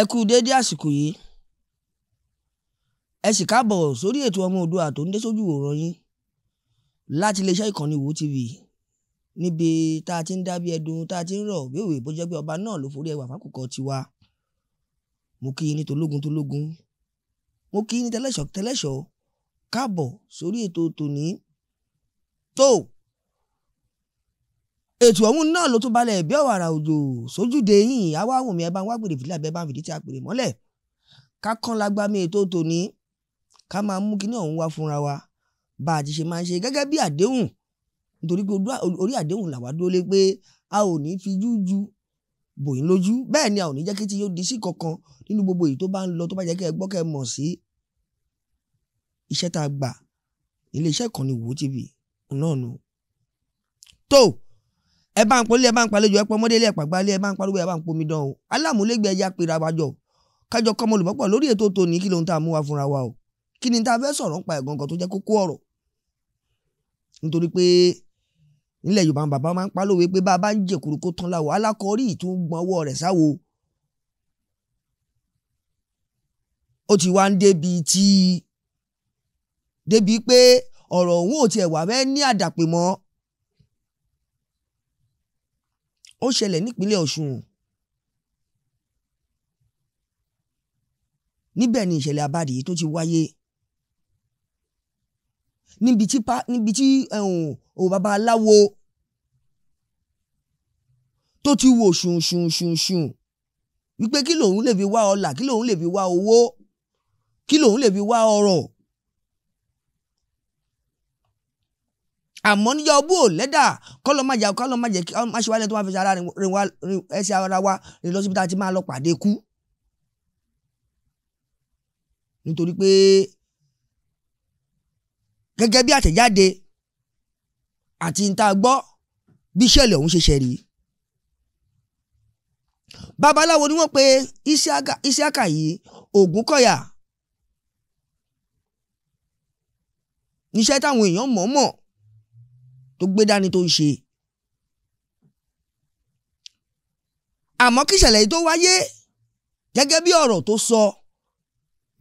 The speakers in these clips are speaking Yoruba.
ẹ kú déédé àsìkò yìí ẹ sì káàbọ̀ sórí ètò ọmọ Oòduà tó ń dé sójú òòrùn yín láti iléeṣẹ́ ìkànnì Wo TV níbi tá a ti ń dábí ẹdun tá a ti ń rọ̀ wéèwé bó jẹ́ pé ọba náà ló forí ẹwà fákòókò tiwa mo kí yín ní tológun tológun mo kí yín ní tẹlẹ́ṣọ̀ tẹlẹ́ṣọ̀ káàbọ̀ sórí ètò tòní tó. To ètò ọ̀hún náà ló tún balẹ̀ bí ọ̀wàrà òjò sójúde yìí àwa àwọn omi ẹ̀ bá ń wá gbèrè fìdílà bẹ́ẹ̀ bá ń fìdí tí a pèrè mọ́lẹ̀ ká kán lágbàmí ètò tòní ká máa mú kíní ọ̀hún wá fúnra wa bá a ti ṣe máa ń ṣe gẹ́gẹ́ bí àdéhùn nítorí pé orí àdéhùn làwa dúró lé pé a ò ní fi jújú bòyín lójú bẹ́ẹ̀ ni a ò ní jẹ́ kí ti yóò di sí kankan nínú gbogbo èyí tó bá ń lọ tó bá jẹ́ kẹ́ ẹ gbọ́ kẹ́ ẹ mọ̀ sí iṣẹ́ tá a gbà ilé kan ni Wo TV náà nù. tó ẹ bá ń polí ẹ bá ń palejò ẹ pọ ọmọdé ilé ẹ pàgbá ilé ẹ bá ń pariwo ẹ bá ń pomi dán o alámúlégbé ẹja pera wa jọ kájọ kọmọ olùmọpọ lórí ètò tòní kí ló ń tà mú wa fúnra wa o kí ni tá a fẹ́ sọ̀rọ̀ ń pa ẹ̀gàn kan tó jẹ́ kókó ọ̀rọ̀ nítorí pé nílẹ̀ Yorùbá bàbá máa ń palówe pé bá a bá ń jẹ kúrúkó tán láwo alákọ̀ọ́rí ìtúgbọ̀n ọwọ́ rẹ̀ sáwo ó ti wá ń débi tí débi pé ọ̀rọ̀ òun ò tiẹ̀ wà fẹ́ ní àdàpè mọ́ ó ṣẹlẹ̀ nípínlẹ̀ Ọ̀ṣun níbẹ̀ ni ìṣẹ̀lẹ̀ abáàdì yìí tó ti wáyé níbi tí níbi tí òun bàbá aláwo tó ti wò ṣùn ṣùn ṣùn ṣùn wípé kí lòun lè fi wá ọlà kí lòun lè fi wá owó kí lòun lè fi wá ọrọ̀ àmọ́ níyà ọbú ò lẹ́dà kọ́lọ́ má jà kọ́lọ́ má jẹ́ kí má ṣe wálé tó máa fi ṣara rìn wá ẹsẹ̀ ara wa rìn lọ síbi tá a ti máa lọ pàdé kú. nítorí pé gẹ́gẹ́ bí àtẹ̀jáde àti níta gbọ́ bí ìṣẹ̀lẹ̀ ọ̀hún ṣe ṣẹ̀ rí. babaláwo ni wọ́n pe Isiaka yìí Ògúnkọ̀yà níṣẹ́ táwọn èèyàn mọ̀ọ́mọ̀ tó gbé dání tó ń ṣe. àmọ́ kí ìṣẹ̀lẹ̀ yìí tó wáyé gẹ́gẹ́ bí ọ̀rọ̀ tó sọ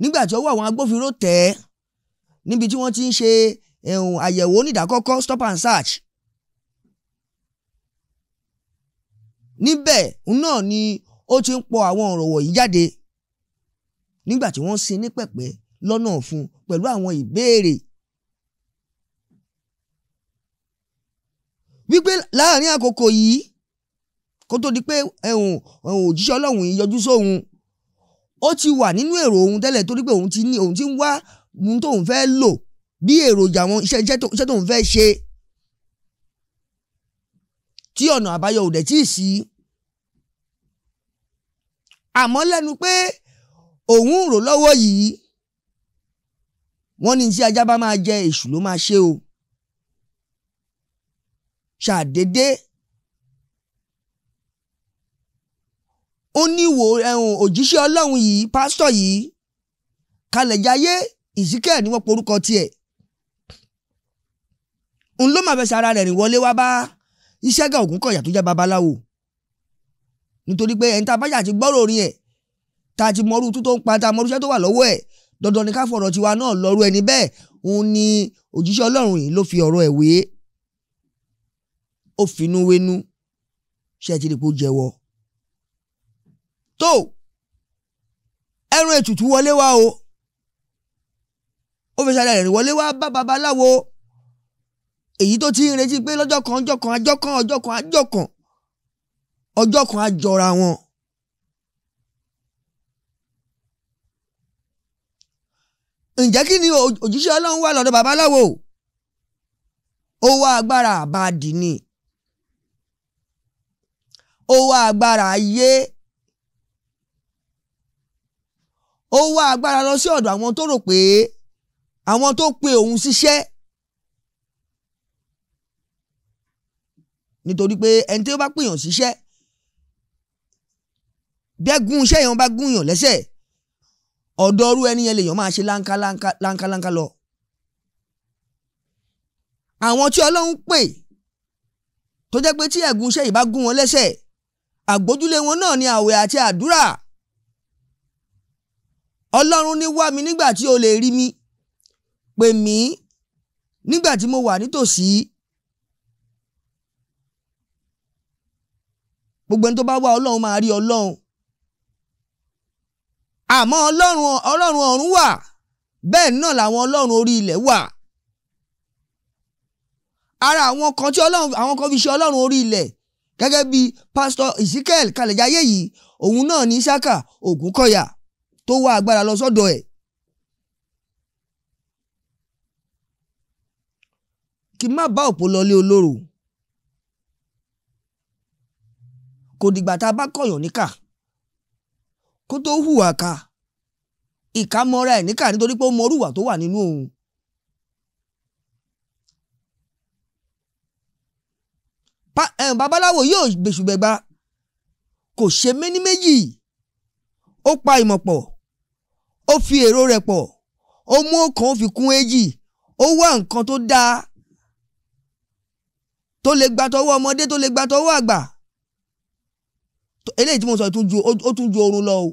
nígbà tí ọwọ́ àwọn agbófinró tẹ̀ ẹ́ níbi tí wọ́n ti ń ṣe àyẹ̀wò onídàákọ́kọ́ stop and search. níbẹ̀ náà ni ó ti ń pọ àwọn ọ̀rọ̀ wọ̀nyí jáde nígbà tí wọ́n sin ní pẹ̀pẹ́ lọ́nà ọ̀fun pẹ̀lú àwọn ìbéèrè wípé láàrin àkókò yìí kó tó di pé ẹ̀hún eh, òjíṣẹ́ ọlọ́run yìí yọjú sóhun ó ti wà nínú èrò òun tẹ́lẹ̀ torí pé òun ti ní òun ti ń wá ohun tóun fẹ́ lò bí èròjà wọn iṣẹ́ tóun fẹ́ ṣe tí ọ̀nà àbáyọ ò dẹ̀ tí ì sí àmọ́ lẹ́nu pé òun ń rò lọ́wọ́ yìí wọ́n ní tí ajá bá máa jẹ èṣù ló máa ṣe o ṣàdédé ó ní ìwò ẹ̀hún òjíṣẹ́ ọlọ́run yìí pásítọ̀ yìí kalẹ̀jáyé ìsíkẹ́ ni wọ́n porúkọ tiẹ̀ n ló máa fẹsẹ̀ ara rẹ̀ rìn wọlé wá bá Ìṣẹ́gun Ògúnkọ̀yà tó jẹ́ babaláwo nítorí pé ẹni tá a bá jà ti gbọ́rọ̀ orin ẹ̀ tá a ti mọrú tó tó ń pa tá a iṣẹ́ tó wà lọ́wọ́ ẹ̀ dandan ni ká fọ̀rọ̀ tiwa náà lọ́rú ẹni bẹ́ẹ̀ òun ni òjíṣẹ́ ọlọ́run yìí ló fi ọ̀rọ̀ ẹ̀ wé ó finú wénú ṣé ti rí pé ó jẹ́wọ́. tó ẹran ètùtù wọlé wá o ó fi ṣàlàyé rìn wọlé wá bá babaláwo èyí tó ti ń retí pé lọ́jọ́ kan ọjọ́ kan ajọ́ kan ọjọ́ kan ajọ́ kan ọjọ́ kan ajọra wọn. ǹjẹ́ kí ni òjíṣẹ́ ọlọ́run wà lọ́dọ̀ babaláwo ó wá agbára àbáàdì ni ó wá agbára ayé ó wá agbára lọ sí ọ̀dọ̀ àwọn tó rò pé àwọn tó pe òun ṣiṣẹ́ nítorí pé ẹni tí ó bá pèèyàn ṣiṣẹ́ bẹ́gùn iṣẹ́ èèyàn bá gún yàn lẹ́sẹ̀ ọ̀dọ̀ ọrú ẹni yẹn lèèyàn máa ṣe láńkáláńká lọ. àwọn tí ọlọ́run pè tó jẹ́ pé tí ẹ̀gún iṣẹ́ yìí bá gún wọn lẹ́sẹ̀ àgbójúlé wọn náà ni àwẹ̀ àti àdúrà ọlọ́run ní wá mi nígbà tí o lè rí mi pè mí nígbà tí mo wà nítòsí gbogbo ẹni tó bá wá ọlọ́run máa rí ọlọ́run àmọ́ ọlọ́run ọlọ́run ọ̀run wà bẹ́ẹ̀ náà làwọn ọlọ́run orí ilẹ̀ wà ara àwọn kan tí ọlọ́run àwọn kan fi ṣe ọlọ́run orí ilẹ̀ gẹ́gẹ́ bí pásítọ̀ Ezekiel kàlẹ̀jáyé yìí òun náà ní Ísákà Ògúnkọ̀yà tó wá agbára lọ sọ́dọ̀ ẹ̀. kí n má bá òpó lọlé olóró kò dìgbà tá a bá kọ̀yàn níkà kó tó hùwà ká ìkà ẹ̀ níkà nítorí pé ó mọ orúwà tó wà nínú òun Eh, babaláwo yóò gbèsùgbẹ̀gba kò ṣe méní méjì ó pa ìmọ̀ pọ̀ ó fi èrò rẹ̀ pọ̀ ó mú ọ̀kan ó fi kún èjì ó wá nǹkan tó dáa tó lè gba tọwọ́ ọmọdé tó lè gba tọwọ́ àgbà eléyìí tí mo sọ ó tún ju oorun lọ o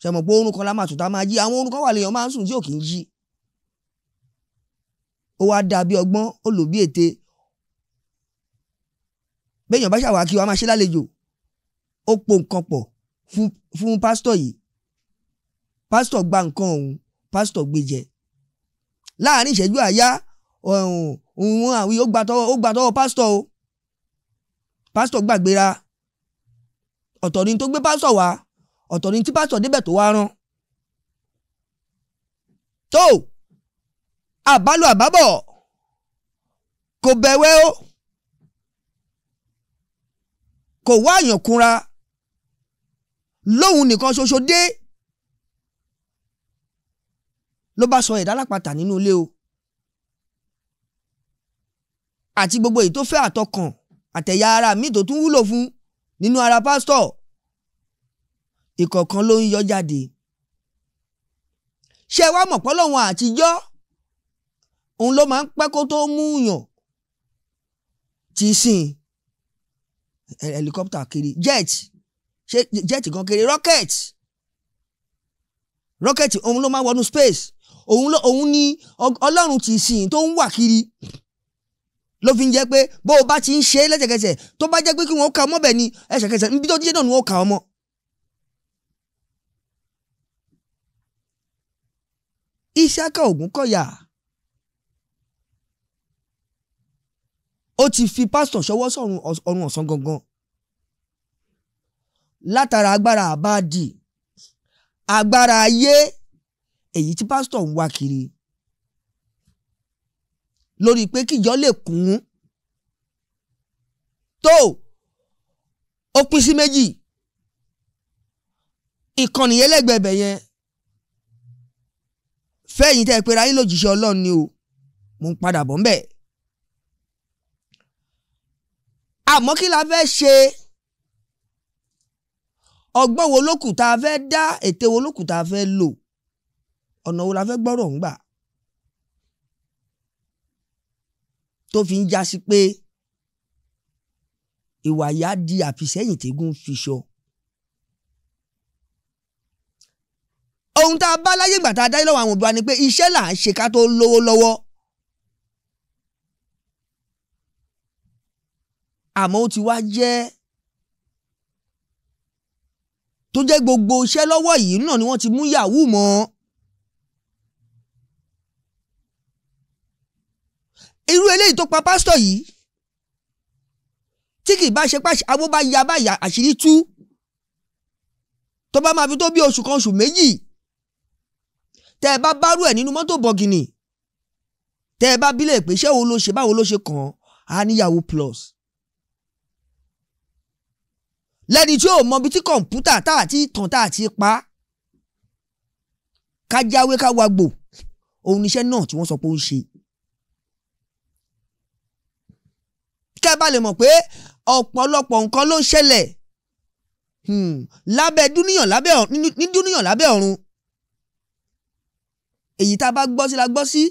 ṣe mọ̀ pé oorun kan la máa tún tá máa jí àwọn oorun kan wà lèèyàn máa ń sùn tí ò kì í jí ó wá dàbí ọgbọ́n ó lò bí ète béèyàn bá ṣàwà kí wa máa ṣe lálejò ó po nǹkan pọ̀ fún fún pásítọ̀ yìí pásítọ̀ gba nǹkan ọ̀hún pásítọ̀ gbé jẹ láàrin ìṣẹ́jú àyá òun àwọn yóò gba tọwọ́ ó gba tọwọ́ pásítọ̀ o pásítọ̀ gbàgbéra ọ̀tọ̀ ni tó gbé pásítọ̀ wá ọ̀tọ̀ ni tí pásítọ̀ débẹ̀ tó wá rán tó àbálò àbábọ̀ kò bẹ̀wẹ́ o kò wá àyànkúnra lóhun nìkan ṣoṣo dé ló bá sọ ẹ̀dá lápáta nínú ilé o àti gbogbo èyí tó fẹ́ àtọkàn àtẹ̀yà ara mi tó tún wúlò fún nínú ara pásítọ̀ ìkọ̀ọ̀kan ló ń yọ jáde ṣé ẹ mọ̀ pọ́lọ́wọ́n àtijọ́ òun ló máa ń pẹ́ kó tó mú yàn tí sìn helicopter kiri jet ṣe jet kan kiri rocket rocket òun ló máa wọnú space òun ló òun ni ọlọ́run ti sìn tó ń wà kiri ló fi ń jẹ́ pé bó o bá ti ń ṣe lẹ́sẹ̀kẹsẹ̀ tó bá jẹ́ pé kí wọ́n ka ọmọ bẹ̀ ni ẹsẹ̀kẹsẹ̀ níbi tó ti jẹ́ náà ni wọ́n ka ọmọ. Ìṣáká Ògúnkọ̀yà ó ti fi pásítọ̀ ṣọwọ́ sọ̀run ọ̀run ọ̀sán gangan látara agbára àbáàdì agbára ayé èyí tí pásítọ̀ ń wá kiri lórí pé kíjọ lè kún tó ó pín sí méjì ìkànnì ẹlẹgbẹbẹ yẹn fẹ̀yìntẹ́ pera yín lòjíṣẹ́ Ọlọ́run ni o mo ń padà bọ̀ ń bẹ́ẹ̀. àmọ́ kí la fẹ́ ṣe ọgbọ́n wo lókù tá a fẹ́ dá ète wo lókù tá a fẹ́ lò ọ̀nà wo la fẹ́ gbọ́rọ̀ ń gbà tó fi ń já pé ìwà yá di àfisẹ́yìn tégún fi sọ. ohun tá a bá láyé ìgbà tá a dáyé lọ́wọ́ àwọn òbí wa ni pé iṣẹ́ là ń ṣe ká tó lówó lọ́wọ́. àmọ́ ó ti wá jẹ́ tó jẹ́ gbogbo iṣẹ́ lọ́wọ́ yìí náà ni wọ́n ti mú yahoo mọ́ irú eléyìí tó pa pásítọ̀ yìí tí kì í bá ṣe pàṣẹ awó bá ya báyà àṣírí tú tó bá máa fi tó bí oṣù kan oṣù méjì tẹ́ ẹ bá bárú ẹ̀ nínú mọ́tò bọ̀gìnì tẹ́ ẹ bá bílẹ̀ pé iṣẹ́ wo ló ṣe báwo ló ṣe kàn án níyàwó plus lẹ́ni tí ò mọ bí tí kọ̀ǹpútà tá a ti tàn tá a ti pa á ká jáwé ká wagbò òun níṣẹ́ náà tí wọ́n sọ pé ó ń ṣe. kẹ́ ẹ bá lè mọ̀ pé ọ̀pọ̀lọpọ̀ nǹkan ló ń ṣẹlẹ̀ hmm, lábẹ́ dúníyàn lábẹ́ ní dúníyàn lábẹ́ ọ̀run èyí tá a bá gbọ́ sí la gbọ́ sí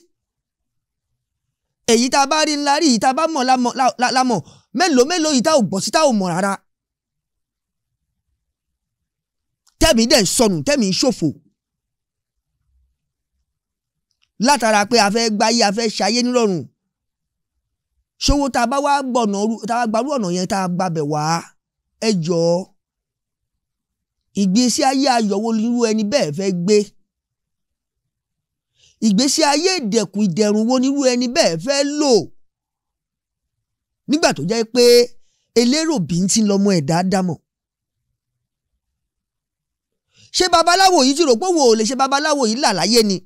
èyí tá a bá rí ńlá rí èyí tá a bá mọ̀ la mọ̀ mélòó mélòó yìí tá ò gbọ́ sí tá ò mọ̀ rárá. tẹ́mi dẹ̀ ń sọnù tẹ́mi ń ṣòfò látara pé a fẹ́ gbáyé a fẹ́ ṣayé nírọ̀rùn ṣòwò tá a bá wá gbọ̀nà tá a gbarú ọ̀nà yẹn tá a gbabẹ̀ wá ẹ jọ̀ọ́ ìgbésí ayé ayọ̀wò irú ẹni bẹ́ẹ̀ fẹ́ gbé ìgbésí ayé ìdẹ̀kùn ìdẹ̀rùn wo nírú ẹni bẹ́ẹ̀ fẹ́ lò nígbà tó jẹ́ pé elérò bíi ti lọ́mọ ẹ̀dá dámọ̀ ṣé babaláwo yìí ti rò pé wo ò lè ṣe babaláwo yìí là láyé ni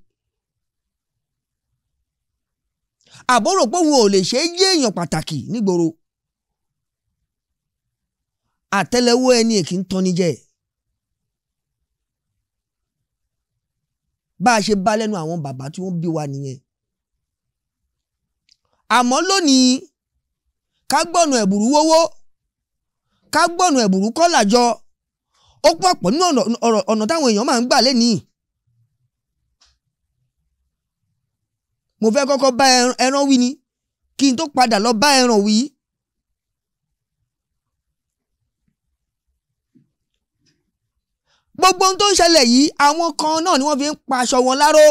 àbó rò pé wo ò lè ṣe é yé èèyàn pàtàkì nígboro àtẹ́lẹwọ́ ẹni èkì ń tọ́ni jẹ bá a ṣe bá lẹ́nu àwọn bàbá tí wọ́n bí wa nìyẹn àmọ́ lónìí ká gbọ́nù ẹ̀bùrú wówó ká gbọ́nù ẹ̀bùrú kọ́làjọ ó pọ̀ pọ̀ nínú ọ̀nà táwọn èèyàn máa ń gbà lẹ́nìí. mo fẹ́ kọ́kọ́ bá ẹran wí ni kí n tó padà lọ bá ẹran wí. gbogbo ohun tó ń ṣẹlẹ̀ yìí àwọn kan náà ni wọ́n fi ń pa aṣọ wọn láró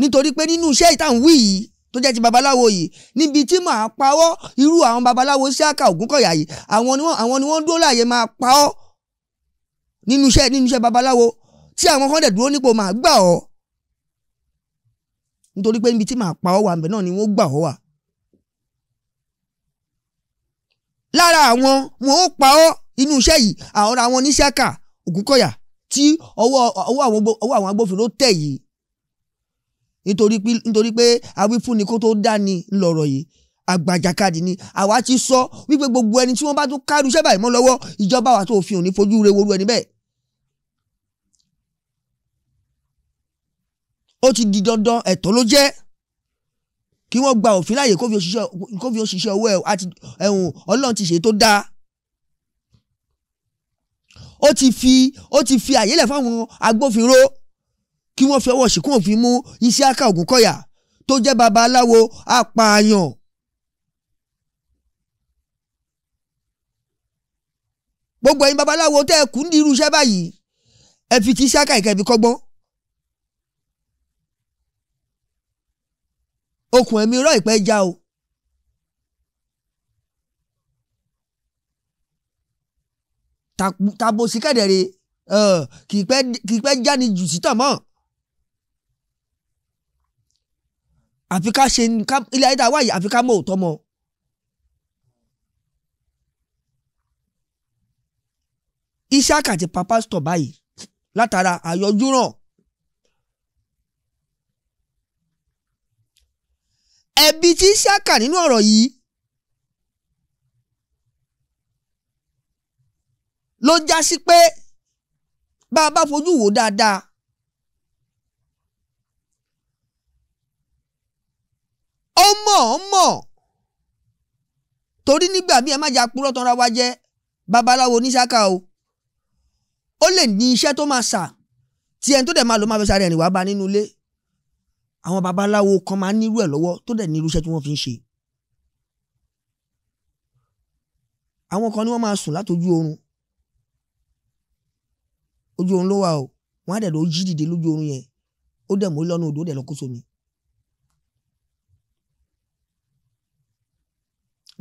nítorí pé nínú iṣẹ́ ìtàn wí yìí tó jẹ́ ti babaláwo yìí níbi tí màá pawọ́ irú àwọn babaláwo Isiaka Ògúnkọ̀yà yìí àwọn ni wọ́n àwọn ni wọ́n dúró láàyè máa pawọ́ nínú iṣẹ́ nínú iṣẹ́ babaláwo tí àwọn kan dẹ̀ dúró nípò máa gbà ọ́ nítorí pé níbi tí màá pawọ́ wà ńbẹ̀ náà ni wọ́n gbà ọ́ wà. lára àwọn wọn ó pawọ́ inú iṣẹ́ yìí àwọn àwọn Isiaka Ògúnkọ̀yà tí ọwọ́ àwọn agbófinró tẹ̀ yìí nítorí pé awífúnni kó tó dání ńlọrọ̀ yìí àgbàjàkadì ni àwa ti sọ wípé gbogbo ẹni tí wọ́n bá tún kárù iṣẹ́ báyìí mọ́ lọ́wọ́ ìjọba wa tó fi òní fojú re woru ẹni bẹ́ẹ̀. ó ti di dandan ẹ̀tọ́ ló jẹ́ kí wọ́n gba òfin láàyè kó fi òṣìṣẹ́ owó ẹ̀hún ọlọ́run ti ṣe tó dáa ó ti fi ó ti fi àyè lẹ̀ fáwọn agbófinró kí wọ́n fi ọwọ́ ṣìkún òfin mú Isiaka Ògúnkọ̀yà tó jẹ́ babaláwo apààyàn. gbogbo ẹ̀yin babaláwo tẹ́ ẹ kú ní irú iṣẹ́ báyìí ẹ fi ti Isiaka ìkẹ́bi kọ́gbọ́n. okùn ẹ̀mí rọ ìpẹ́ já o. tàbó sí kẹ̀dẹ̀rẹ̀ kì í pẹ́ jáni jù sítàn mọ́. àfi ká ṣe ilé ayé tá a wá yìí àfi ká mọ òótọ́ mọ́. Ishaq àti papa stọ̀ báyìí látara àyọjúràn. ẹbí tí Ishaq nínú ọ̀rọ̀ yìí ló já sí pé bá a bá fojú wò dáadáa ó mọ̀ ó mọ̀ torí nígbà bí ẹ má jà purọ́ tán ra wa jẹ́ babaláwo oníṣáká o ó lè ní iṣẹ́ tó máa sà tí ẹni tó dẹ̀ máa lò máa fẹ́ sáré ẹ̀rìn wá bá nínú ilé àwọn babaláwo kan máa nírú ẹ̀ lọ́wọ́ tó dẹ̀ nírú iṣẹ́ tí wọ́n fi ń ṣe. àwọn kan ni wọ́n máa sùn látojú oorun ojú oorun ló wà o wọ́n á dẹ̀ lọ jí dìde lójú oorun yẹn ó dẹ̀ mọ́ lọ́nà odò ó dẹ̀ lọ kó sómi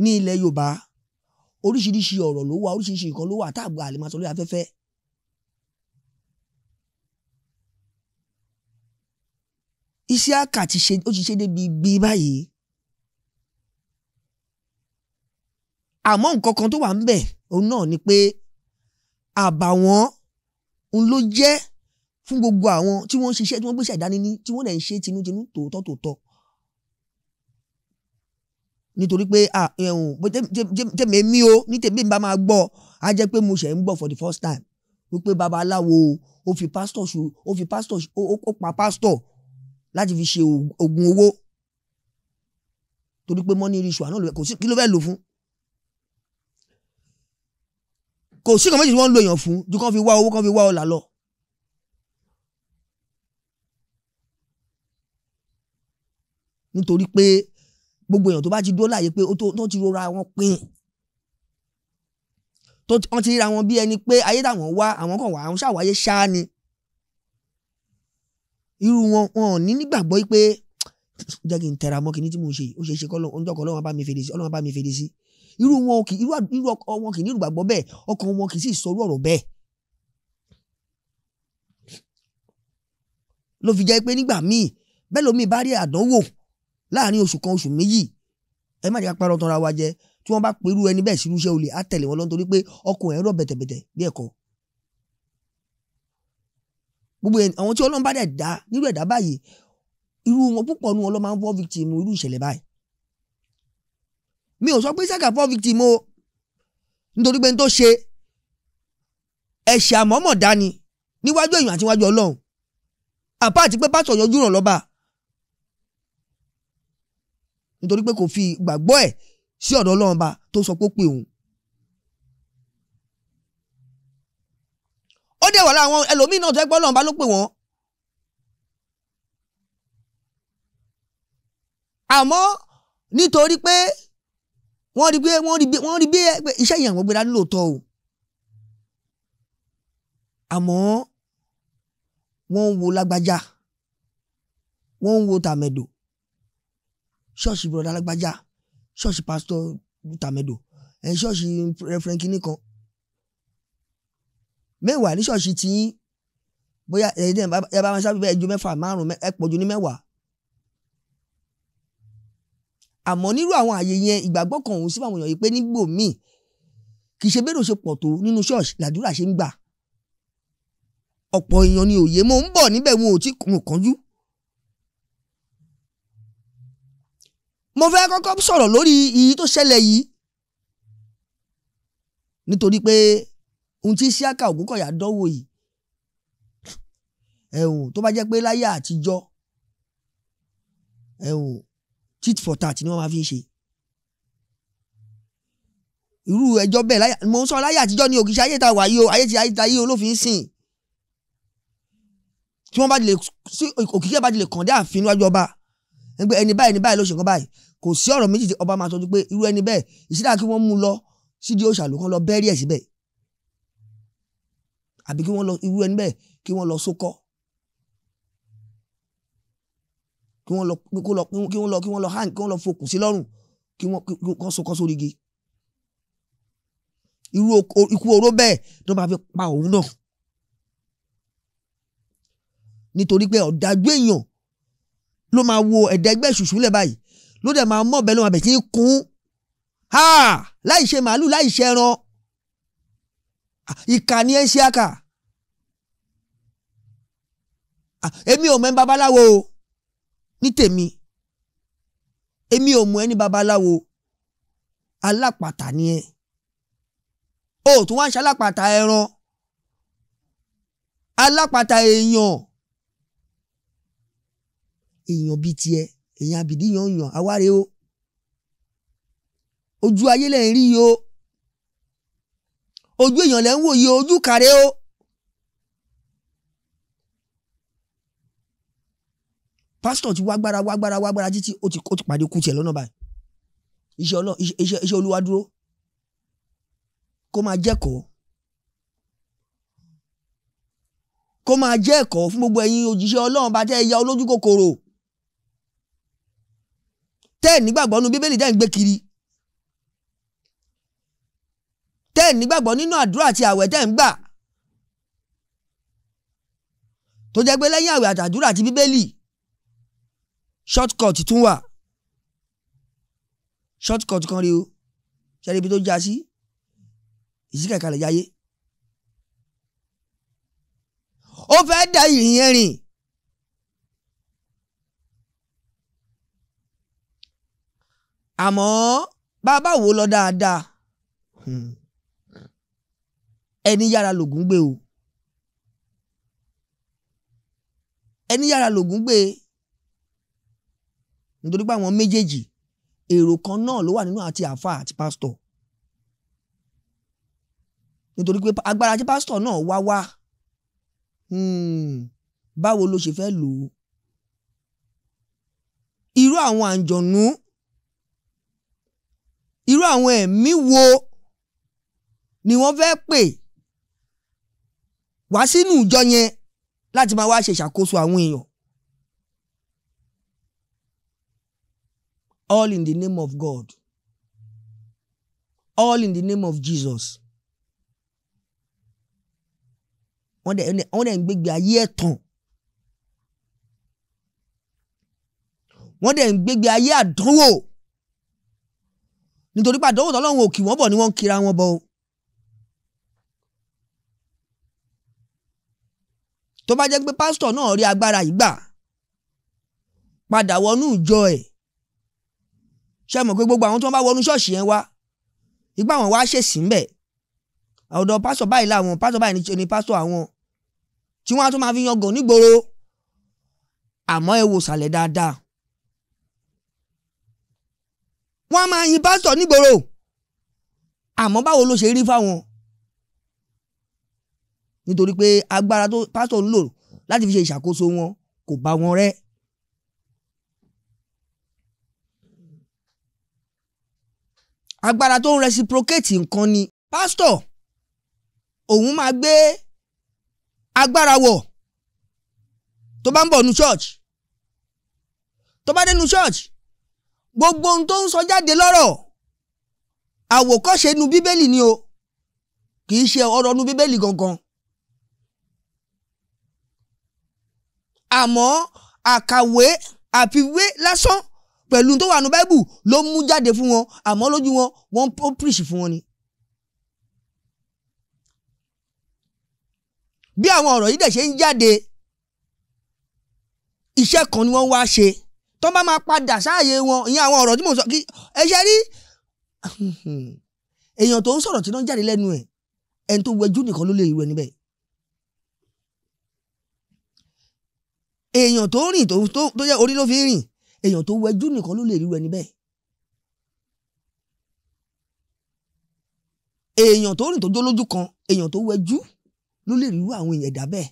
ní ilẹ̀ Yorùbá oríṣiríṣi ọ̀rọ̀ ló wà oríṣiríṣi nǹkan ló wà tá àgbà àlè máa sọ lórí afẹ́fẹ́ Isiaka ti ṣe ó ti ṣe débi gbí báyìí àmọ́ nǹkan kan tó wà ń bẹ̀ òun náà ni pé àbàwọ́n òun ló jẹ́ fún gbogbo àwọn tí wọ́n ń ṣiṣẹ́ tí wọ́n gbéṣẹ́ ìdání ní tí wọ́n dẹ̀ ń ṣe tinútinú tòótọ́ tòótọ́ nítorí pé tèmi mi o ní tèmi bá máa gbọ́ á jẹ́ pé mo ṣẹ̀ ń gbọ́ for the first time wípé babaláwo ó fi pásítọ̀ ṣu ó fi pásítọ̀ ṣu ó pa pásítọ̀ láti fi ṣe oògùn owó torí pé money ritual náà kò sí kí ló fẹ́ lò fún kò sí kan méjì tí wọ́n ń lo èèyàn fún ju kán fi wá owó kán fi wá ọlà lọ. nítorí pé gbogbo èèyàn tó bá ti dúró láàyè pé tó ti rora wọn pín tó wọn ti ríra wọn bí ẹni pé ayé táwọn wá àwọn kan wà àwọn ṣàwáyé ṣáá ni irú wọn wọn ò ní nígbàgbọ́ pé jẹ́ kí n tẹra mọ́ kíní tí mo ṣe ó ṣe é ṣe kọ́ ọjọ́ kan ọlọ́run bá mi fèrè sí ọlọ́run bá mi fèrè sí irú wọn kì irú irú wọn kì ní ìrùgbàgbọ́ bẹ́ẹ̀ ọkàn wọn kì í sì sọrú ọ̀rọ̀ bẹ́ẹ̀. ló fi jẹ́ pé nígbà míì bẹ́ẹ̀ lómi bá rí àdánwò láàrin oṣù kan oṣù méjì ẹ má jẹ́ apárọ̀ tán ra wa jẹ tí wọ́n bá perú ẹni bẹ́ẹ̀ sínú iṣẹ́ olè á tẹ̀lé wọn lọ nítorí pé ọkùnrin ẹ̀rọ bẹ̀tẹ̀bẹ̀tẹ̀ bí ẹ̀kọ́ gbogbo àwọn tí Ọlọ́run bá dẹ̀ dá nírú ẹ̀dá báyìí irú wọn púpọ̀ nu wọn máa ń fọ́ victim irú ìṣẹ̀lẹ̀ báyìí mi ò sọ pé Sàká fọ́ victim o nítorí pé n tó ṣe ẹ̀ṣẹ̀ àmọ́mọ̀ dání níwájú èèyàn àti níwájú Ọlọ́run àpá àti pé pásọ̀ yọjú ràn lọ́ba nítorí pé kò fi ìgbàgbọ́ ẹ̀ sí ọ̀dọ̀ ọlọ́run ba tó sọ pé ó pè òun. ó dẹ̀ wà láwọn ẹlòmíín náà tó ẹ pé ọlọ́run ba ló pè wọ́n. àmọ́ nítorí pé wọ́n rí bí wọ́n rí bí wọ́n rí bí iṣẹ́ yẹn àwọn gbéra lóòótọ́ o àmọ́ wọ́n ń wo lágbájá wọ́n ń wo tàmẹ̀dò ṣọ́ọ̀ṣì bọ̀dá alágbájá ṣọ́ọ̀ṣì pásítọ̀ tàmẹ́dò ẹ̀ ṣọ́ọ̀ṣì rẹfrẹ́ǹkì nìkan mẹ́wàá ní ṣọ́ọ̀ṣì tiyín bóyá ẹ̀yẹ́dẹ́ ẹ bá wọn sábẹ́ bẹ́ẹ̀ ju mẹ́fà márùn ẹ pọ̀jù ní mẹ́wàá àmọ́ nírú àwọn àyè yẹn ìgbàgbọ́ kan òun sí àwọn èèyàn yìí pé nígbò míì kì í ṣe bẹ́ẹ̀ ló ṣe pọ̀ tó nínú ṣọ́ọ̀ṣì làdúrà ṣe ń gbà ọ̀pọ̀ èèyàn ni òye mo ń bọ̀ níbẹ̀ wọn ò tí mo kánjú mo fẹ́ kọ́kọ́ sọ̀rọ̀ lórí iyì tó ṣẹlẹ̀ yìí nítorí pé ohun tí Isiaka Ògúnkọ̀yà dánwò yìí ẹ̀hún tó bá jẹ́ pé láyé àtijọ́ ẹ̀hún tit for tat ni wọ́n máa fi ń ṣe irú ẹjọ́ bẹ́ẹ̀ láyé mo ń sọ láyé àtijọ́ ni òkìṣẹ́ ayé ta wà o ayé ti ayé ta yìí olófin sìn tí wọ́n bá ti lè òkìṣẹ́ bá ti lè kàn dé àfin níwájú ọba pé ẹni báyìí ẹni báyìí ló ṣe nǹkan báyìí kò sí ọ̀rọ̀ méjì tí ọba máa tọ́jú pé irú ẹni bẹ́ẹ̀ ìṣídà kí wọ́n mú lọ sídìí òòṣà ló kán lọ bẹ́ẹ̀rì ẹ̀ síbẹ̀ àbí kí wọ́n lọ irú ẹni bẹ́ẹ̀ kí wọ́n lọ sókọ́ kí wọ́n lọ kí wọ́n lọ kí wọ́n lọ hàn kí wọ́n lọ fokùn sí lọ́rùn kí wọ́n kọ́ sókọ́ sórí igi irú ikú oró bẹ́ẹ̀ tó máa fi pa òun náà nítorí pé ọ̀dájú èèyàn ló máa wo ẹ̀dẹ́gbẹ́ ṣùṣù lẹ̀ báyìí ló dẹ̀ máa mọ̀bẹ ló máa bẹ̀ tí ń kún ha láì ṣe màálù láì ṣe ẹran ìkà ni ẹ ń ṣe àkà èmi ò mọ ẹni babaláwo ní tèmi èmi ò mọ ẹni babaláwo alápàtà ni ẹ o tún wá ń ṣe alápàtà ẹran alápàtà èèyàn èèyàn bíi tiẹ̀ èèyàn àbìdí yàn yàn àwáre o ojú ayé lẹ̀ ń rí yìí o ojú èèyàn lẹ̀ ń wò yìí o ojú kàrẹ́ o. pásítọ̀ ti wágbára wágbára wágbára títí ó ti pàdé kú tiẹ̀ lọ́nà báyìí iṣẹ́ ọlọ́ iṣẹ́ iṣẹ́ olúwa dúró kó máa jẹ́kọ̀ọ́ kó máa jẹ́ ẹ̀kọ́ fún gbogbo ẹ̀yin òjíṣẹ́ ọlọ́run bá tẹ́ ẹ ya olójú kòkòrò tẹ́ ẹ̀ nígbàgbọ́ nu bíbélì tẹ́ ẹ̀ ń gbé kiri tẹ́ ẹ̀ nígbàgbọ́ nínú àdúrà àti àwẹ̀ tẹ́ ẹ̀ ń gbà tó jẹ́ pé lẹ́yìn àwẹ̀ àtàdúrà àti bíbélì shortcut tún wà shortcut kan rí o ṣẹ́ni ibi tó já sí ìsíkẹ̀kalẹ̀ yáyé ó fẹ́ da ìrìn yẹn àmọ́ bá a bá wò ó lọ dáadáa hmm. ẹni yára lògùn gbé o ẹni yára lògùn gbé nítorí pé àwọn méjèèjì èrò kan náà ló wà nínú àti àáfà àti pásítọ̀ nítorí pé agbára tí pásítọ̀ náà wá wá hmm. báwo ló ṣe fẹ́ lò ó irú àwọn àǹjọ̀nú irú àwọn ẹ̀mí wo ni wọ́n fẹ́ pè wá sínú ìjọ yẹn láti máa wá ṣe ìṣàkóso àwọn èèyàn. All in the name of God. All in the name of Jesus. Wọ́n dẹ̀ wọ́n dẹ̀ ń gbégbé ayé ẹ̀tàn. Wọ́n dẹ̀ ń gbégbé ayé àdánwò nítorí pàdánwò tọ́lọ́run òkì wọ́n bọ̀ ni wọ́n ń kira wọn bọ̀ o. tó bá jẹ́ pé pásítọ̀ náà rí agbára yìí gbà padà wọnú ìjọ ẹ̀ ṣe mọ̀ pé gbogbo àwọn tí wọ́n bá wọnú ṣọ́ọ̀ṣì yẹn wá ìgbà wọn wá ṣèṣì ńbẹ̀ ọ̀dọ̀ pásítọ̀ báyìí làwọn pásítọ̀ báyìí ni pásítọ̀ àwọn tí wọ́n á tún máa fi yan gàn nígboro àmọ́ ẹ wò sàlẹ̀ dáadáa wọ́n máa yin pásítọ̀ nígboro àmọ́ báwo ló ṣe rí fáwọn nítorí pé agbára tó pásítọ̀ ń lò láti fi ṣe ìṣàkóso wọn kò bá wọn rẹ́. agbára tó ń reciprocate nǹkan ni pásítọ̀ òun máa gbé agbára wọ̀ tó bá ń bọ̀ nu church tó bá dé nu church gbogbo ohun tó ń sọ jáde lọ́rọ̀ àwòkọ́ṣe nu bíbélì ni o kì í ṣe ọ̀rọ̀ nu bíbélì gangan àmọ́ àkàwé àfiwé lásán pẹ̀lú tó wà nù báíbù ló mú jáde fún wọn àmọ́ lójú wọn wọ́n ó píríṣì fún wọn ni. bí àwọn ọ̀rọ̀ yìí dẹ̀ ṣe ń jáde iṣẹ́ kan ni wọ́n wá ṣe tó bá máa padà sáàyè wọn ìyẹn àwọn ọ̀rọ̀ tí mò ń sọ kí ẹ ṣe rí èèyàn tó ń sọ̀rọ̀ tí náà jáde lẹ́nu ẹ̀ ẹni tó wẹjú nìkan ló lè irú ẹni bẹ́ẹ̀ èèyàn tó rìn tó jẹ́ orí ló fi ń rìn èèyàn tó wẹjú nìkan ló lè irú ẹni bẹ́ẹ̀ èèyàn tó rìn tó jó lójú kan èèyàn tó wẹjú ló lè irú àwọn èèyàn ẹ̀dá bẹ́ẹ̀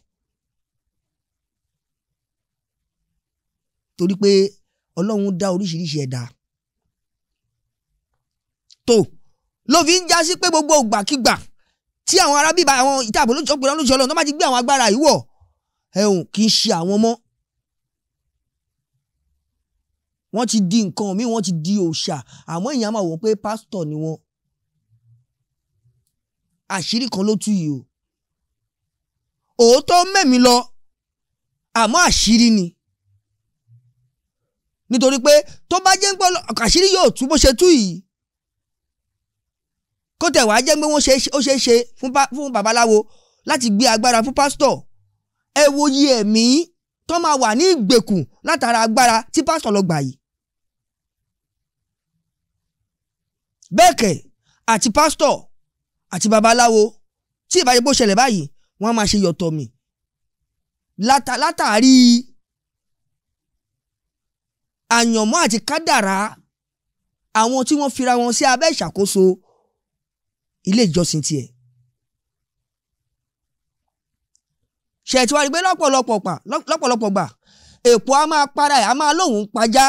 torí pé ọlọ́run dá oríṣiríṣi ẹ̀dá tó ló fi ń já sí pé gbogbo ògbàkigbà tí àwọn ará bíbá àwọn ìta àbò lójọ́ pẹ̀lú olóṣèlú ọlọ́run tó bá ti gbé àwọn agbára yìí wọ̀ ẹ̀hún kì í ṣe àwọn mọ́ wọ́n ti di nǹkan míì wọ́n ti di òòṣà àmọ́ èèyàn máa wò pé pásítọ̀ ni wọ́n àṣírí kan ló tú yìí o òótọ́ mẹ́mi lọ àmọ́ àṣírí ni nítorí pé tó bá jẹ́ pé àṣírí yóò tú bó ṣe tú yìí kó tẹ̀ wá jẹ́ pé wọ́n ó ṣeé ṣe fún babaláwo láti gbé agbára fún pásítọ̀ ẹ wo iye ẹ̀mí tó máa wà ní ìgbèkùn látara agbára tí pásítọ̀ lọ gbà yìí. bẹ́ẹ̀ kẹ̀ àti pásítọ̀ àti babaláwo tí ìbájẹ́ bó ṣẹlẹ̀ báyìí wọ́n á máa ṣe yọ̀tọ̀ mi látàrí. Lata, àyànmọ́ àti kádàrá àwọn tí wọ́n fira wọn sí abẹ́ ìṣàkóso ilé ìjọsìn tiẹ̀. ṣètì wa rí pé lọ́pọ̀lọpọ̀ pa lọ́pọ̀lọpọ̀ gbà èpò a máa para ẹ̀ a máa lóhùn pajá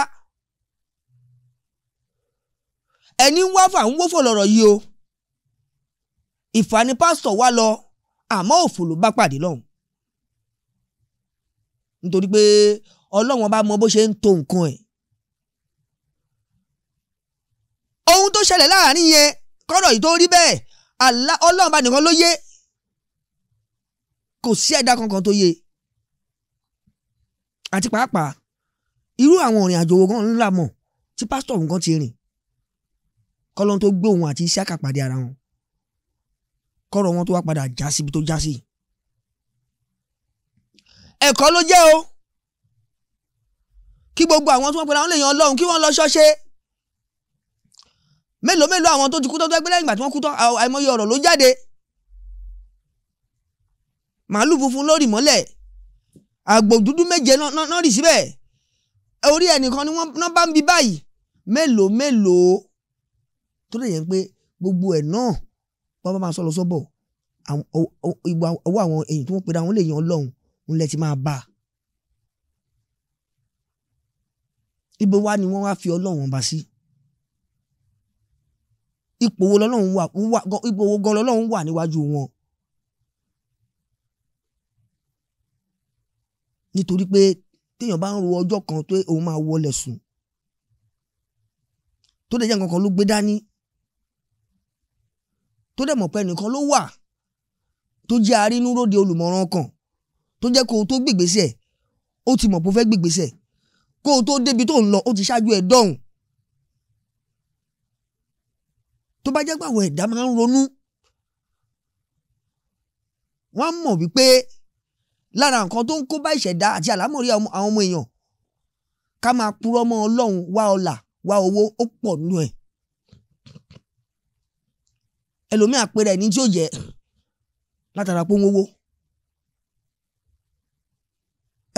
ẹni ń wáfà ń wófò lọ́rọ̀ yìí o ìfàní pásítọ̀ wá lọ àmọ́ òfò ló bá pàdé lọ́hùn nítorí pé ọlọ́wọ́n bá mọ bó ṣe ń to nǹkan ẹ̀ ohun tó ṣẹlẹ̀ láàrin yẹn kọ́rọ̀ yìí tó rí bẹ́ẹ̀ ọlọ́run bá nìkan ló yé kò sí ẹ̀dá kankan tó yé àti pàápàá irú àwọn òrìn àjò ogun ńlá mọ̀ tí pásítọ̀ nǹkan ti rìn kọ́lọ́n tó gbé òun àti Ísákà pàdé ara wọn kọ́rọ̀ wọn tó wá padà já síbi tó já sí ẹ̀kọ́ ló jẹ́ o kí gbogbo àwọn tí wọ́n pera wọn lè yan ọlọ́run kí wọ́n lọ ṣọ́ṣe mélòó mélòó àwọn tó ti kú tó tó ẹgbẹ́ lẹ́yìn ìgbà tí wọ́n kú tó àìmọye ọ̀rọ̀ ló jáde màálù funfun lórí mọ́lẹ̀ àgbò dúdú méje náà rì síbẹ̀ orí ẹnìkan ni wọ́n bá ń bi báyìí mélòó mélòó tó lè yẹn pé gbogbo ẹ̀ náà wọ́n bá máa sọ lọ sọ́bọ̀ ọwọ́ àwọn èyí tí wọ́n pe àwọn lè yan ọlọ́run ńlẹ̀ ti máa bá a. ibo wá ni wọ́n wá fi ọlọ́run ọba sí. Si ipò wo lọ́lọ́run wà ipò wo gan lọ́lọ́run wà níwájú wọn. nítorí pé téèyàn bá ń ro ọjọ́ kan tó òun máa wọlé sùn tó dẹ̀ jẹ́ nǹkan kan ló gbé dání tó dẹ̀ mọ̀ pé ẹnìkan ló wà tó jẹ́ arínúróde olùmọ̀ràn kan tó jẹ́ kó o tó gbègbèsẹ̀ ó ti mọ̀ pé ó fẹ́ gbègbèsẹ̀ kó o tó débi tó ń lọ ó ti ṣáájú ẹ̀ dọ̀hùn tó bá jẹ́ pé àwọn ẹ̀dá máa ń ronú wọ́n mọ̀ wípé lára nǹkan tó ń kó bá ìṣẹ̀dá àti àlámọ̀rí àwọn ọmọ èèyàn ká máa purọ́ mọ́ ọlọ́run wá ọlà wá owó ó pọ̀ nínú ẹ̀ ẹlòmíà péré ẹni tí ó yẹ látara pé ń wówó